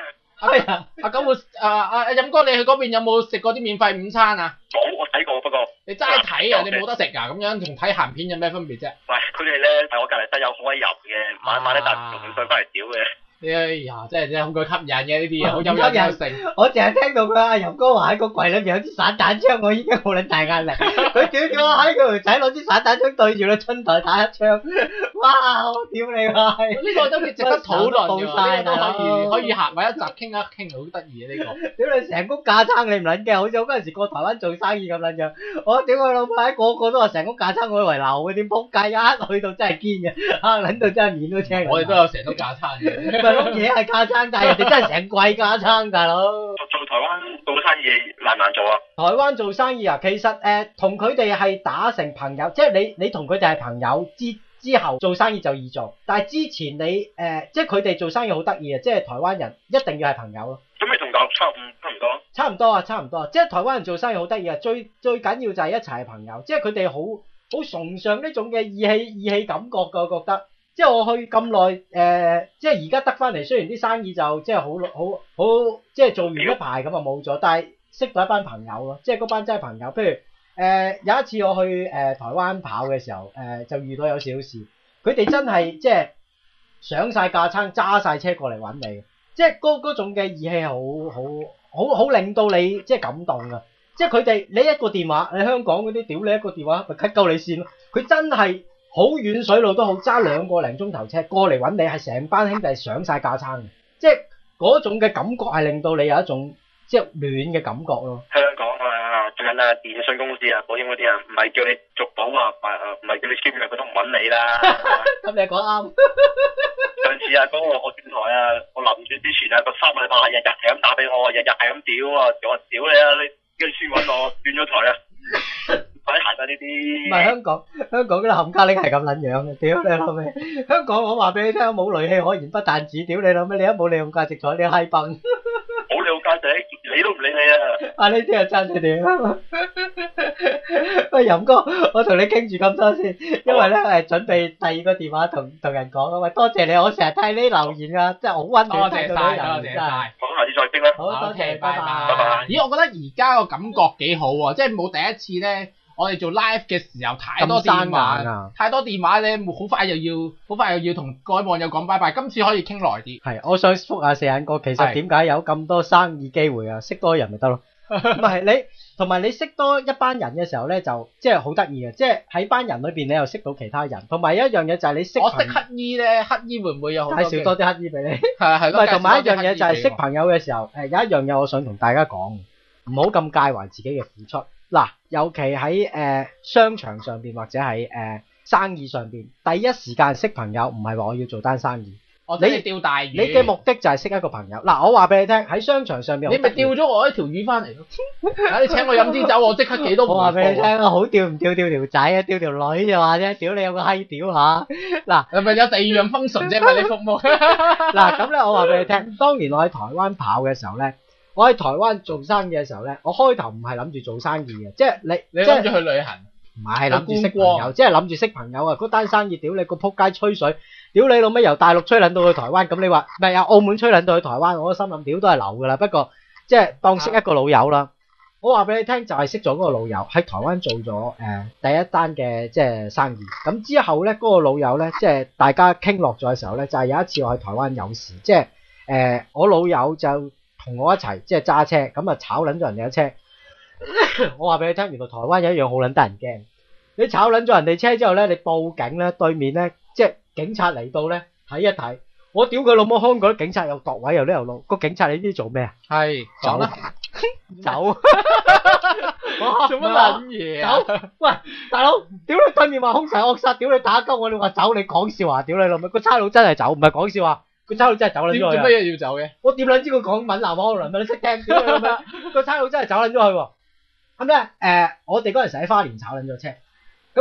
係啊，阿九哥，啊啊阿任哥，你去嗰邊有冇食過啲免費午餐啊？冇，我睇過不過。你齋睇啊！你冇得食啊！咁樣同睇鹹片有咩分別啫、啊？喂，佢哋咧喺我隔離室有好開油嘅，晚晚咧就送水翻嚟屌嘅。啊啊哎呀，真係真係好鬼吸引嘅呢啲嘢，好吸引力。我淨係聽到佢阿任哥話喺個櫃裏面有支散彈槍，我已經好撚大壓力。佢屌我喺佢條仔攞支散彈槍對住個春袋打一槍，哇！我屌你閪！呢個真係值得討論㗎。呢個都可以，可以下我一集傾一傾，好得意啊呢個！屌你成屋架撐你唔撚嘅，好似我嗰陣時過台灣做生意咁撚樣。我屌我老闆，個個都話成屋架撐我以為流嘅點撲街，一去到真係堅嘅，嚇撚到真係面都青。我哋都有成屋架撐嘅。嘢係加餐，但係人哋真係成櫃加餐，大佬。做台灣做生意難唔難做啊？台灣做生意啊，其實誒，同佢哋係打成朋友，即係你你同佢哋係朋友之之後做生意就易做。但係之前你誒、呃，即係佢哋做生意好得意啊，即係台灣人一定要係朋友咯。咁你同大陸差唔差唔多？差唔多啊，差唔多啊，即係台灣人做生意好得意啊，最最緊要就係一齊係朋友，即係佢哋好好崇尚呢種嘅義氣義氣感覺噶，我覺得。即係我去咁耐，誒、呃，即係而家得返嚟，雖然啲生意就即係好好好，即係做完一排咁就冇咗，但係識到一班朋友咯，即係嗰班真係朋友。譬如誒、呃，有一次我去誒、呃、台灣跑嘅時候，誒、呃、就遇到有少少事，佢哋真係即係上晒架撐，揸晒車過嚟搵你，即係嗰種嘅義氣好好好好令到你即係感動㗎。即係佢哋你一個電話，你香港嗰啲屌你一個電話咪 cut 鳩你線咯，佢真係。好遠水路都好，揸兩個零鐘頭車過嚟揾你，係成班兄弟上晒架撐嘅，即係嗰種嘅感覺係令到你有一種即係暖嘅感覺咯。香港啊，最近啊，電信公司啊，保險嗰啲啊，唔係叫你續保啊，唔係叫你簽約，佢都唔揾你啦，啊。咁你講啱。 上次啊，嗰個我我轉台啊，我臨住之前啊，個三禮拜日日係咁打俾我，日日係咁屌啊，我話屌你啊，你跟住先揾我，轉咗台啊。呢啲，唔係香港，香港嗰啲冚家拎係咁撚樣嘅，屌你老味！香港我話俾你聽，冇內氣可言，不但止屌你老味！你一冇你冇利用價值，你閪笨。冇利用價值，你都唔理你啊！啊呢啲係真嘅屌！喂，飲哥，我同你傾住咁多先，因為咧係準備第二個電話同同人講啊嘛。多謝你，我成日睇你留言啊，真係好溫暖，睇到啲人真係。好，下次再傾啦，好，多謝，拜拜，咦，我覺得而家個感覺幾好喎，即係冇第一次咧。我哋做 live 嘅時候太多電話，啊、太多電話咧，好快又要，好快又要同各位網友講拜拜。今次可以傾耐啲。係，我想復下四眼哥，其實點解有咁多生意機會啊？的識多人咪得咯。唔係 你，同埋你識多一班人嘅時候咧，就即係好得意嘅，即係喺班人裏邊，你又識到其他人。同埋一樣嘢就係你識。我識黑衣咧，黑衣會唔會有好多？少多啲黑衣俾你。係啊係。同埋一樣嘢就係識朋友嘅時候，誒，有一樣嘢我想同大家講，唔好咁介懷自己嘅付出。嗱，尤其喺誒、呃、商場上邊或者喺誒、呃、生意上邊，第一時間識朋友唔係話我要做單生意。你要釣大魚，你嘅目的就係識一個朋友。嗱、呃，我話俾你聽，喺商場上邊，你咪釣咗我一條魚翻嚟咯。 你請我飲支酒，我即刻幾多？我話俾你聽，好釣唔釣？釣條仔啊，釣條女就話啫。屌你有個閪屌嚇！嗱，係咪有第二樣風順啫？為你服務。嗱，咁咧我話俾你聽，當年我喺台灣跑嘅時候咧。我喺台灣做生意嘅時候咧，我開頭唔係諗住做生意嘅，即係你諗住去旅行，唔係諗住識朋友，光即係諗住識朋友啊！嗰單生意，屌你個扑街吹水，屌你老味由大陸吹捻到去台灣，咁你話唔係啊？由澳門吹捻到去台灣，我心諗屌都係流噶啦。不過即係當識一個老友啦。我話俾你聽，就係識咗嗰個老友喺台灣做咗誒、呃、第一單嘅即係生意。咁之後咧，嗰、那個老友咧，即係大家傾落咗嘅時候咧，就係、是、有一次我喺台灣有事，即係誒、呃、我老友就。同我一齊，即係揸車咁啊，炒捻咗人哋嘅車。我話俾你聽，原來台灣有一樣好捻得人驚。你炒捻咗人哋車之後咧，你報警咧，對面咧，即係警察嚟到咧，睇一睇。我屌佢老母，香港啲警察又度位又呢條路，個警察你知做咩啊？係走啦，走，啦 走。做乜捻嘢？ 走。喂，大佬，屌你對面話兇殘惡殺，屌你打交我，你話走？你講笑話？屌你老母，個差佬真係走，唔係講笑話。個差佬真係走咗，做乜嘢要走嘅？我點捻知佢講閩南可能，啦，你識聽嘅咩？個差佬真係走捻咗去，咁咧，誒，我哋嗰陣時喺花蓮炒捻咗車，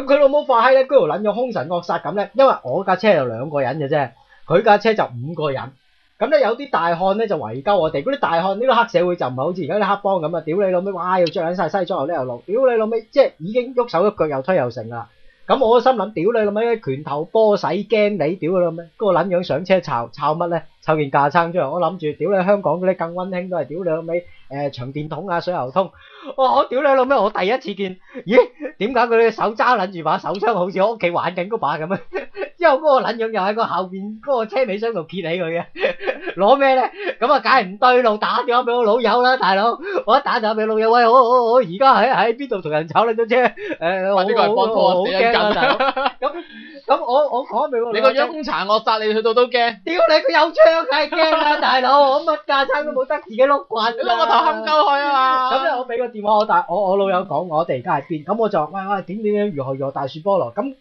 咁佢老母化閪咧，居然捻咗凶神惡煞咁咧，因為我架車有兩個人嘅啫，佢架車就五個人，咁咧有啲大漢咧就圍毆我哋，嗰啲大漢呢個黑社會就唔係好似而家啲黑幫咁啊，屌你老味，哇，要着捻晒西裝又呢又褸，屌你老味，即係已經喐手喐腳又推又成啦。咁我心諗，屌你老味，拳頭波使驚你屌你老味？嗰個撚樣上車抄抄乜咧？抄件架撐出嚟，我諗住屌你香港嗰啲更溫馨都係屌你老味，誒長電筒啊，水喉通。哦、我我屌你老味！我第一次見，咦？點解佢哋手揸捻住把手槍，好似我屋企玩緊嗰把咁啊？之後嗰個捻樣又喺個後邊嗰個車尾箱度揭起佢嘅，攞咩咧？咁啊，梗係唔對路，打電話俾我老友啦，大佬！我一打電話俾老友，喂，我我我而家喺喺邊度同人炒你架車？誒，我我我好驚、呃、啊！咁咁我我講俾我你個央工賊，我殺你去到都驚！屌你，佢有槍，佢係驚啦，大佬！我乜架車都冇得自己碌滾、啊，你碌、啊、 個頭冚鳩去啊嘛？咁咧，我俾個。我大我我老友講我哋而家喺邊，咁我就話喂喂點點點如何如何大雪菠蘿，咁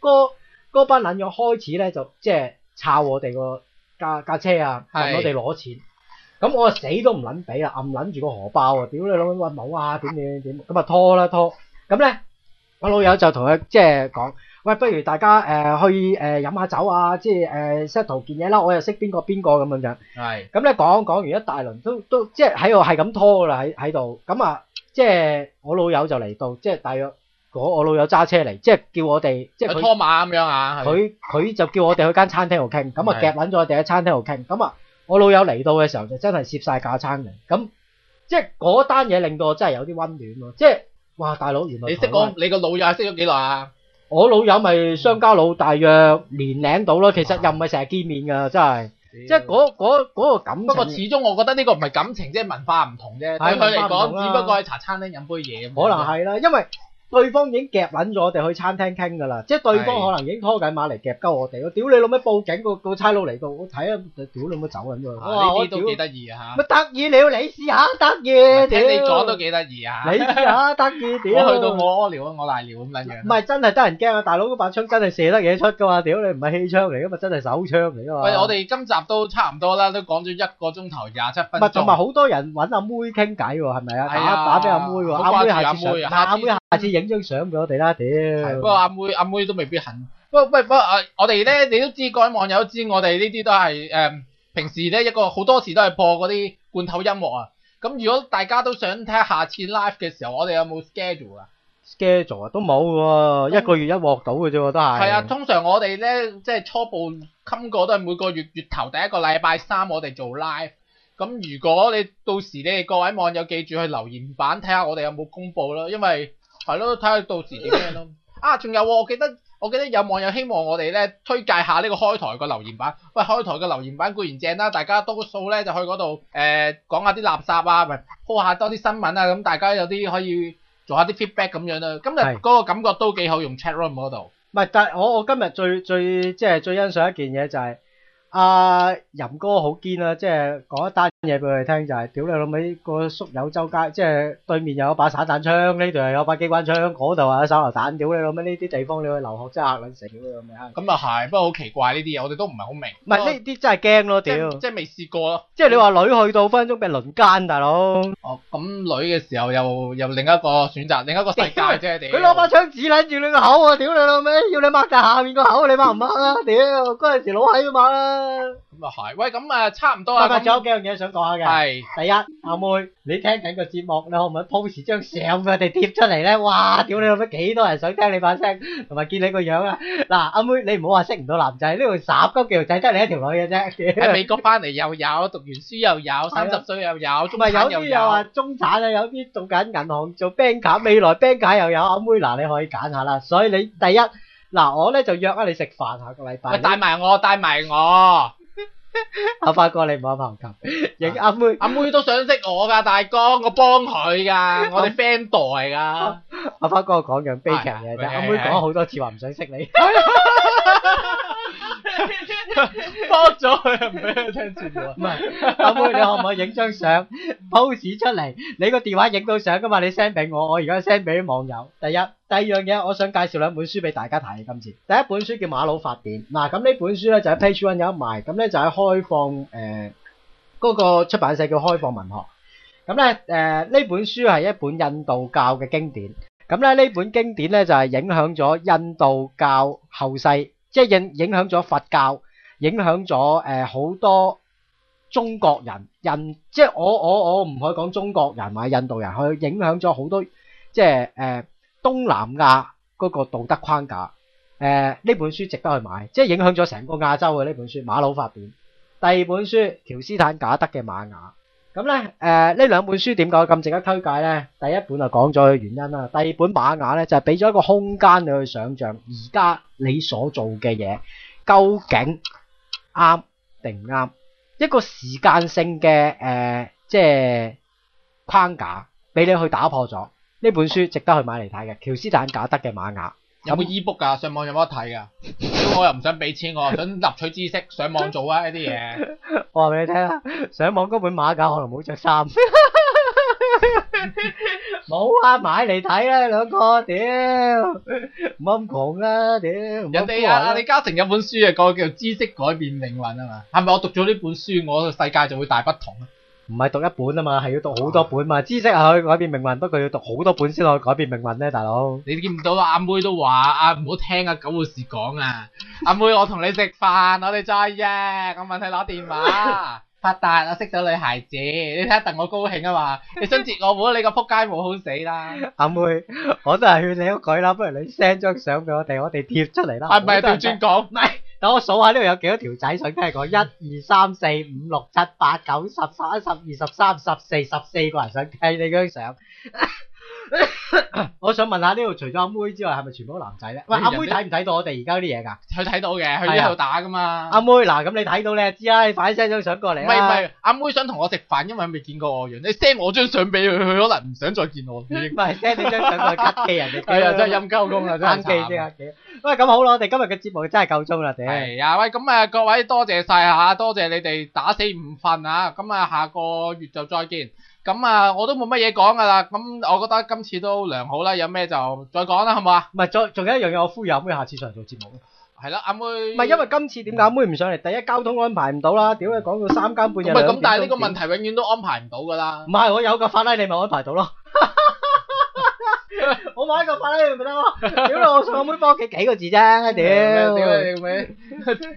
嗰班撚嘢開始咧就即係抄我哋個架架車啊，問我哋攞錢，咁我死都唔撚俾啊，暗撚住個荷包啊，屌你老母啊，冇啊點點點點，咁啊拖啦拖，咁咧我老友就同佢即係講。喂，不如大家誒、呃、去誒飲下酒啊，即係誒 set 套件嘢啦。我又識邊個邊個咁樣。係是。咁咧講講完一大輪，都都即係喺度係咁拖噶啦，喺喺度。咁啊，即係我，我老友就嚟到，即係大約我老友揸車嚟，即係叫我哋即係拖馬咁樣啊。佢佢就叫我哋去間餐廳度傾，咁啊是夾穩咗我哋喺餐廳度傾。咁啊，我老友嚟到嘅時候就真係攝晒架餐嘅。咁即係嗰單嘢令到我真係有啲温暖喎。即係哇，大佬原來你識我，你個老友識咗幾耐啊？我老友咪商家佬，大約年齡到咯。其實又唔係成日見面噶，真係了即係嗰嗰嗰個感情。不過始終我覺得呢個唔係感情，即係文化唔同啫。的對佢嚟講，只不過係茶餐廳飲杯嘢。可能係啦、啊，因為。對方已經夾穩咗我哋去餐廳傾噶啦，即係對方可能已經拖緊馬嚟夾鳩我哋咯。屌你老味報警，個個差佬嚟到我睇下！屌你老味走啊！呢啲都幾得意啊吓！乜得意料？你試下得意屌！聽你講都幾得意啊！啊得意屌！我去到我屙尿啊，我瀨尿咁樣。唔係真係得人驚啊！大佬嗰把槍真係射得嘢出噶嘛！屌你唔係氣槍嚟噶嘛，真係手槍嚟噶嘛！喂，我哋今集都差唔多啦，都講咗一個鐘頭廿七分鐘。唔係同埋好多人搵阿妹傾偈喎，係咪啊？打打俾阿妹喎，阿妹下次阿妹。下次影張相俾我哋啦。屌，的的不過阿妹阿妹，妹，妹都未必肯。不，喂，不，我我哋咧，你都知各位網友知，我哋呢啲都係誒、嗯，平時咧一個好多時都係播嗰啲罐頭音樂啊。咁如果大家都想睇下次 live 嘅時候，我哋有冇 schedule 啊？Schedule 啊，都冇嘅，一個月一鑊到嘅啫，都係。係啊，通常我哋咧即係初步冚過都係每個月月頭第一個禮拜三，我哋做 live。咁如果你到時你哋各位網友記住去留言版睇下我哋有冇公布啦，因為。係咯，睇下到時點樣咯。啊，仲有、啊，我記得我記得有網友希望我哋咧推介下呢個開台個留言版。喂，開台個留言版固然正啦、啊，大家多數咧就去嗰度誒講下啲垃圾啊，咪 po 下多啲新聞啊，咁大家有啲可以做下啲 feedback 咁樣啊。今日嗰個感覺都幾好，用 chatroom 嗰度。唔係，但係我我今日最最即係最欣賞一件嘢就係、是。阿淫哥好堅啊，即係講一單嘢俾佢聽就係、是，屌你老味，個宿友周街，即係對面，又有一把散彈槍，呢度又有把機關槍，嗰度又有，有手榴彈，屌你老味，呢啲地方你去留學真係吓卵死，屌你老味。咁啊係，不過好奇怪呢啲嘢，我哋都唔係好明。唔係，呢啲真係驚咯，屌，即係未試過咯。即係你話女去到分鐘俾輪姦，大佬、嗯。哦、啊，咁女嘅時候又又另一個選擇，另一個世界即佢攞把槍指捻住你個口，啊，屌你老味，要你擘大下面個口，你擘唔擘啊？ 屌，嗰陣時老閪都擘啦。咁啊係，喂咁啊差唔多啊，我仲有幾樣嘢想講下嘅。係，第一阿妹，你聽緊個節目，你可唔可以 post 張相俾我哋貼出嚟咧？哇，屌你老母，幾多人想聽你把聲，同埋見你個樣啊！嗱，阿妹你唔好話識唔到男仔，呢度十幾條仔得你一條女嘅啫。喺美國翻嚟又有，讀完書又有，三十歲又有，中產又有。有啲又話中產啊，有啲做緊銀行做 banker，未來 banker 又有阿妹，嗱你可以揀下啦。所以你第一。嗱，我咧就約啊你食飯下個禮拜，帶埋我，帶埋我。 阿發哥，你唔好咁窮。阿妹，啊、阿妹都想識我噶，大哥，我幫佢噶，啊、我哋 friend 代噶。阿發哥講樣悲劇嘢，但、啊、阿妹講好多次話唔想識你。幫咗佢唔俾佢聽住喎。唔 係，阿妹你可唔可以影張相 post 出嚟？你個電話影到相噶嘛？你 send 俾我，我而家 send 俾啲網友。第一。第一第二樣嘢，我想介紹兩本書俾大家睇。今次第一本書叫《馬努法典》，嗱，咁呢本書咧就喺 Page One 有得賣，咁咧就喺開放誒嗰個出版社叫開放文學。咁咧誒呢本書係一本印度教嘅經典，咁咧呢本經典咧就係影響咗印度教後世，即係影影響咗佛教，影響咗誒好多中國人、印，即係我我我唔可以講中國人或者印度人去影響咗好多，即係誒。東南亞嗰個道德框架，誒、呃、呢本書值得去買，即係影響咗成個亞洲嘅呢本書《馬魯法典》。第二本書喬斯坦·賈德嘅《瑪雅》，咁咧誒呢兩本書點解咁值得推介咧？第一本就講咗佢原因啦。第二本《瑪雅》呢咧就係俾咗一個空間你去想像，而家你所做嘅嘢究竟啱定唔啱？一個時間性嘅誒、呃、即係框架俾你去打破咗。呢本書值得去買嚟睇嘅，喬斯坦·賈德嘅《馬雅》，嗯，有冇 ebook 啊？上網有冇得睇噶？ 我又唔想俾錢、啊，我想汲取知識，上網做啊。呢啲嘢。 我話俾你聽啊，上網嗰本馬雅可能冇着衫。冇 啊，買嚟睇啦，兩個屌唔好咁講啦，屌、 啊。啊、人哋啊，你家庭有本書啊，嗰個叫做知識改變命運啊嘛，係咪我讀咗呢本書，我個世界就會大不同啊？唔係讀一本啊嘛，係要讀好多本嘛。知識去改變命運，不過要讀好多本先可以改變命運咧，大佬。你見唔到啊？阿妹都話：，阿唔好聽啊，狗護士講啊。阿妹，我同你食飯，我哋再約。我問佢攞電話，發達我識咗女孩子，你睇下戥我高興啊嘛！你春節我冇，你個扑街冇好死啦。阿妹，我都係勸你好改啦，不如你 send 張相俾我哋，我哋貼出嚟啦。係咪對轉講？等我數下呢度有幾多條仔想聽，講，一二三四五六七八九十十一十二十三十四十四個人想聽你張相。 我想問下呢度除咗阿妹之外，係咪全部都男仔咧？喂，阿妹睇唔睇到我哋而家啲嘢㗎？佢睇到嘅，佢喺度打㗎嘛。阿妹，嗱咁你睇到你啊知啦，你快啲 send 張相過嚟啊。唔係唔係，阿妹想同我食飯，因為未見過我樣，你 send 我張相俾佢，佢可能唔想再見我。唔係 send 你張相來激氣人哋，佢又真係陰功啦，真係慘啲啊！喂，咁好啦，我哋今日嘅節目真係夠鐘啦，頂。係啊，喂，咁啊各位多謝晒嚇，多謝你哋打死唔瞓嚇，咁啊下個月就再見。咁啊，我都冇乜嘢講噶啦。咁我覺得今次都良好啦。有咩就再講啦，好冇啊？唔係，再仲有一樣嘢，我呼籲阿妹下次上嚟做節目。係啦，阿妹。唔係因為今次點解阿妹唔上嚟？第一，交通安排唔到啦。屌你的，講到三更半夜，唔係咁，兩點 但係呢個問題永遠都安排唔到㗎啦。唔係我有個法拉利咪安排到咯。我買一個百零萬咪得咯，屌我送阿妹翻屋企幾個字啫。屌，屌你咪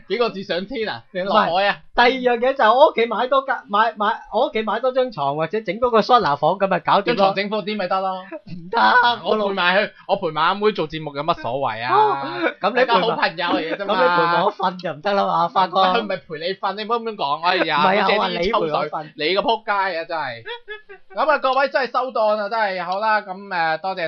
幾個字上天啊？你落海啊？第二樣嘢就係我屋企買多間，買買我屋企買多張床或者整多個 sauna 房咁咪搞掂咯，張床整闊啲咪得咯？唔得，我陪埋去，我陪埋阿妹做節目有乜所謂啊？咁你陪好朋友啫嘛，你陪我瞓就唔得啦嘛。發哥佢唔係陪你瞓，你唔好咁樣講，我日日都話你陪我瞓，你個撲街啊真係！咁啊各位真係收檔啊，真係好啦，咁誒多謝。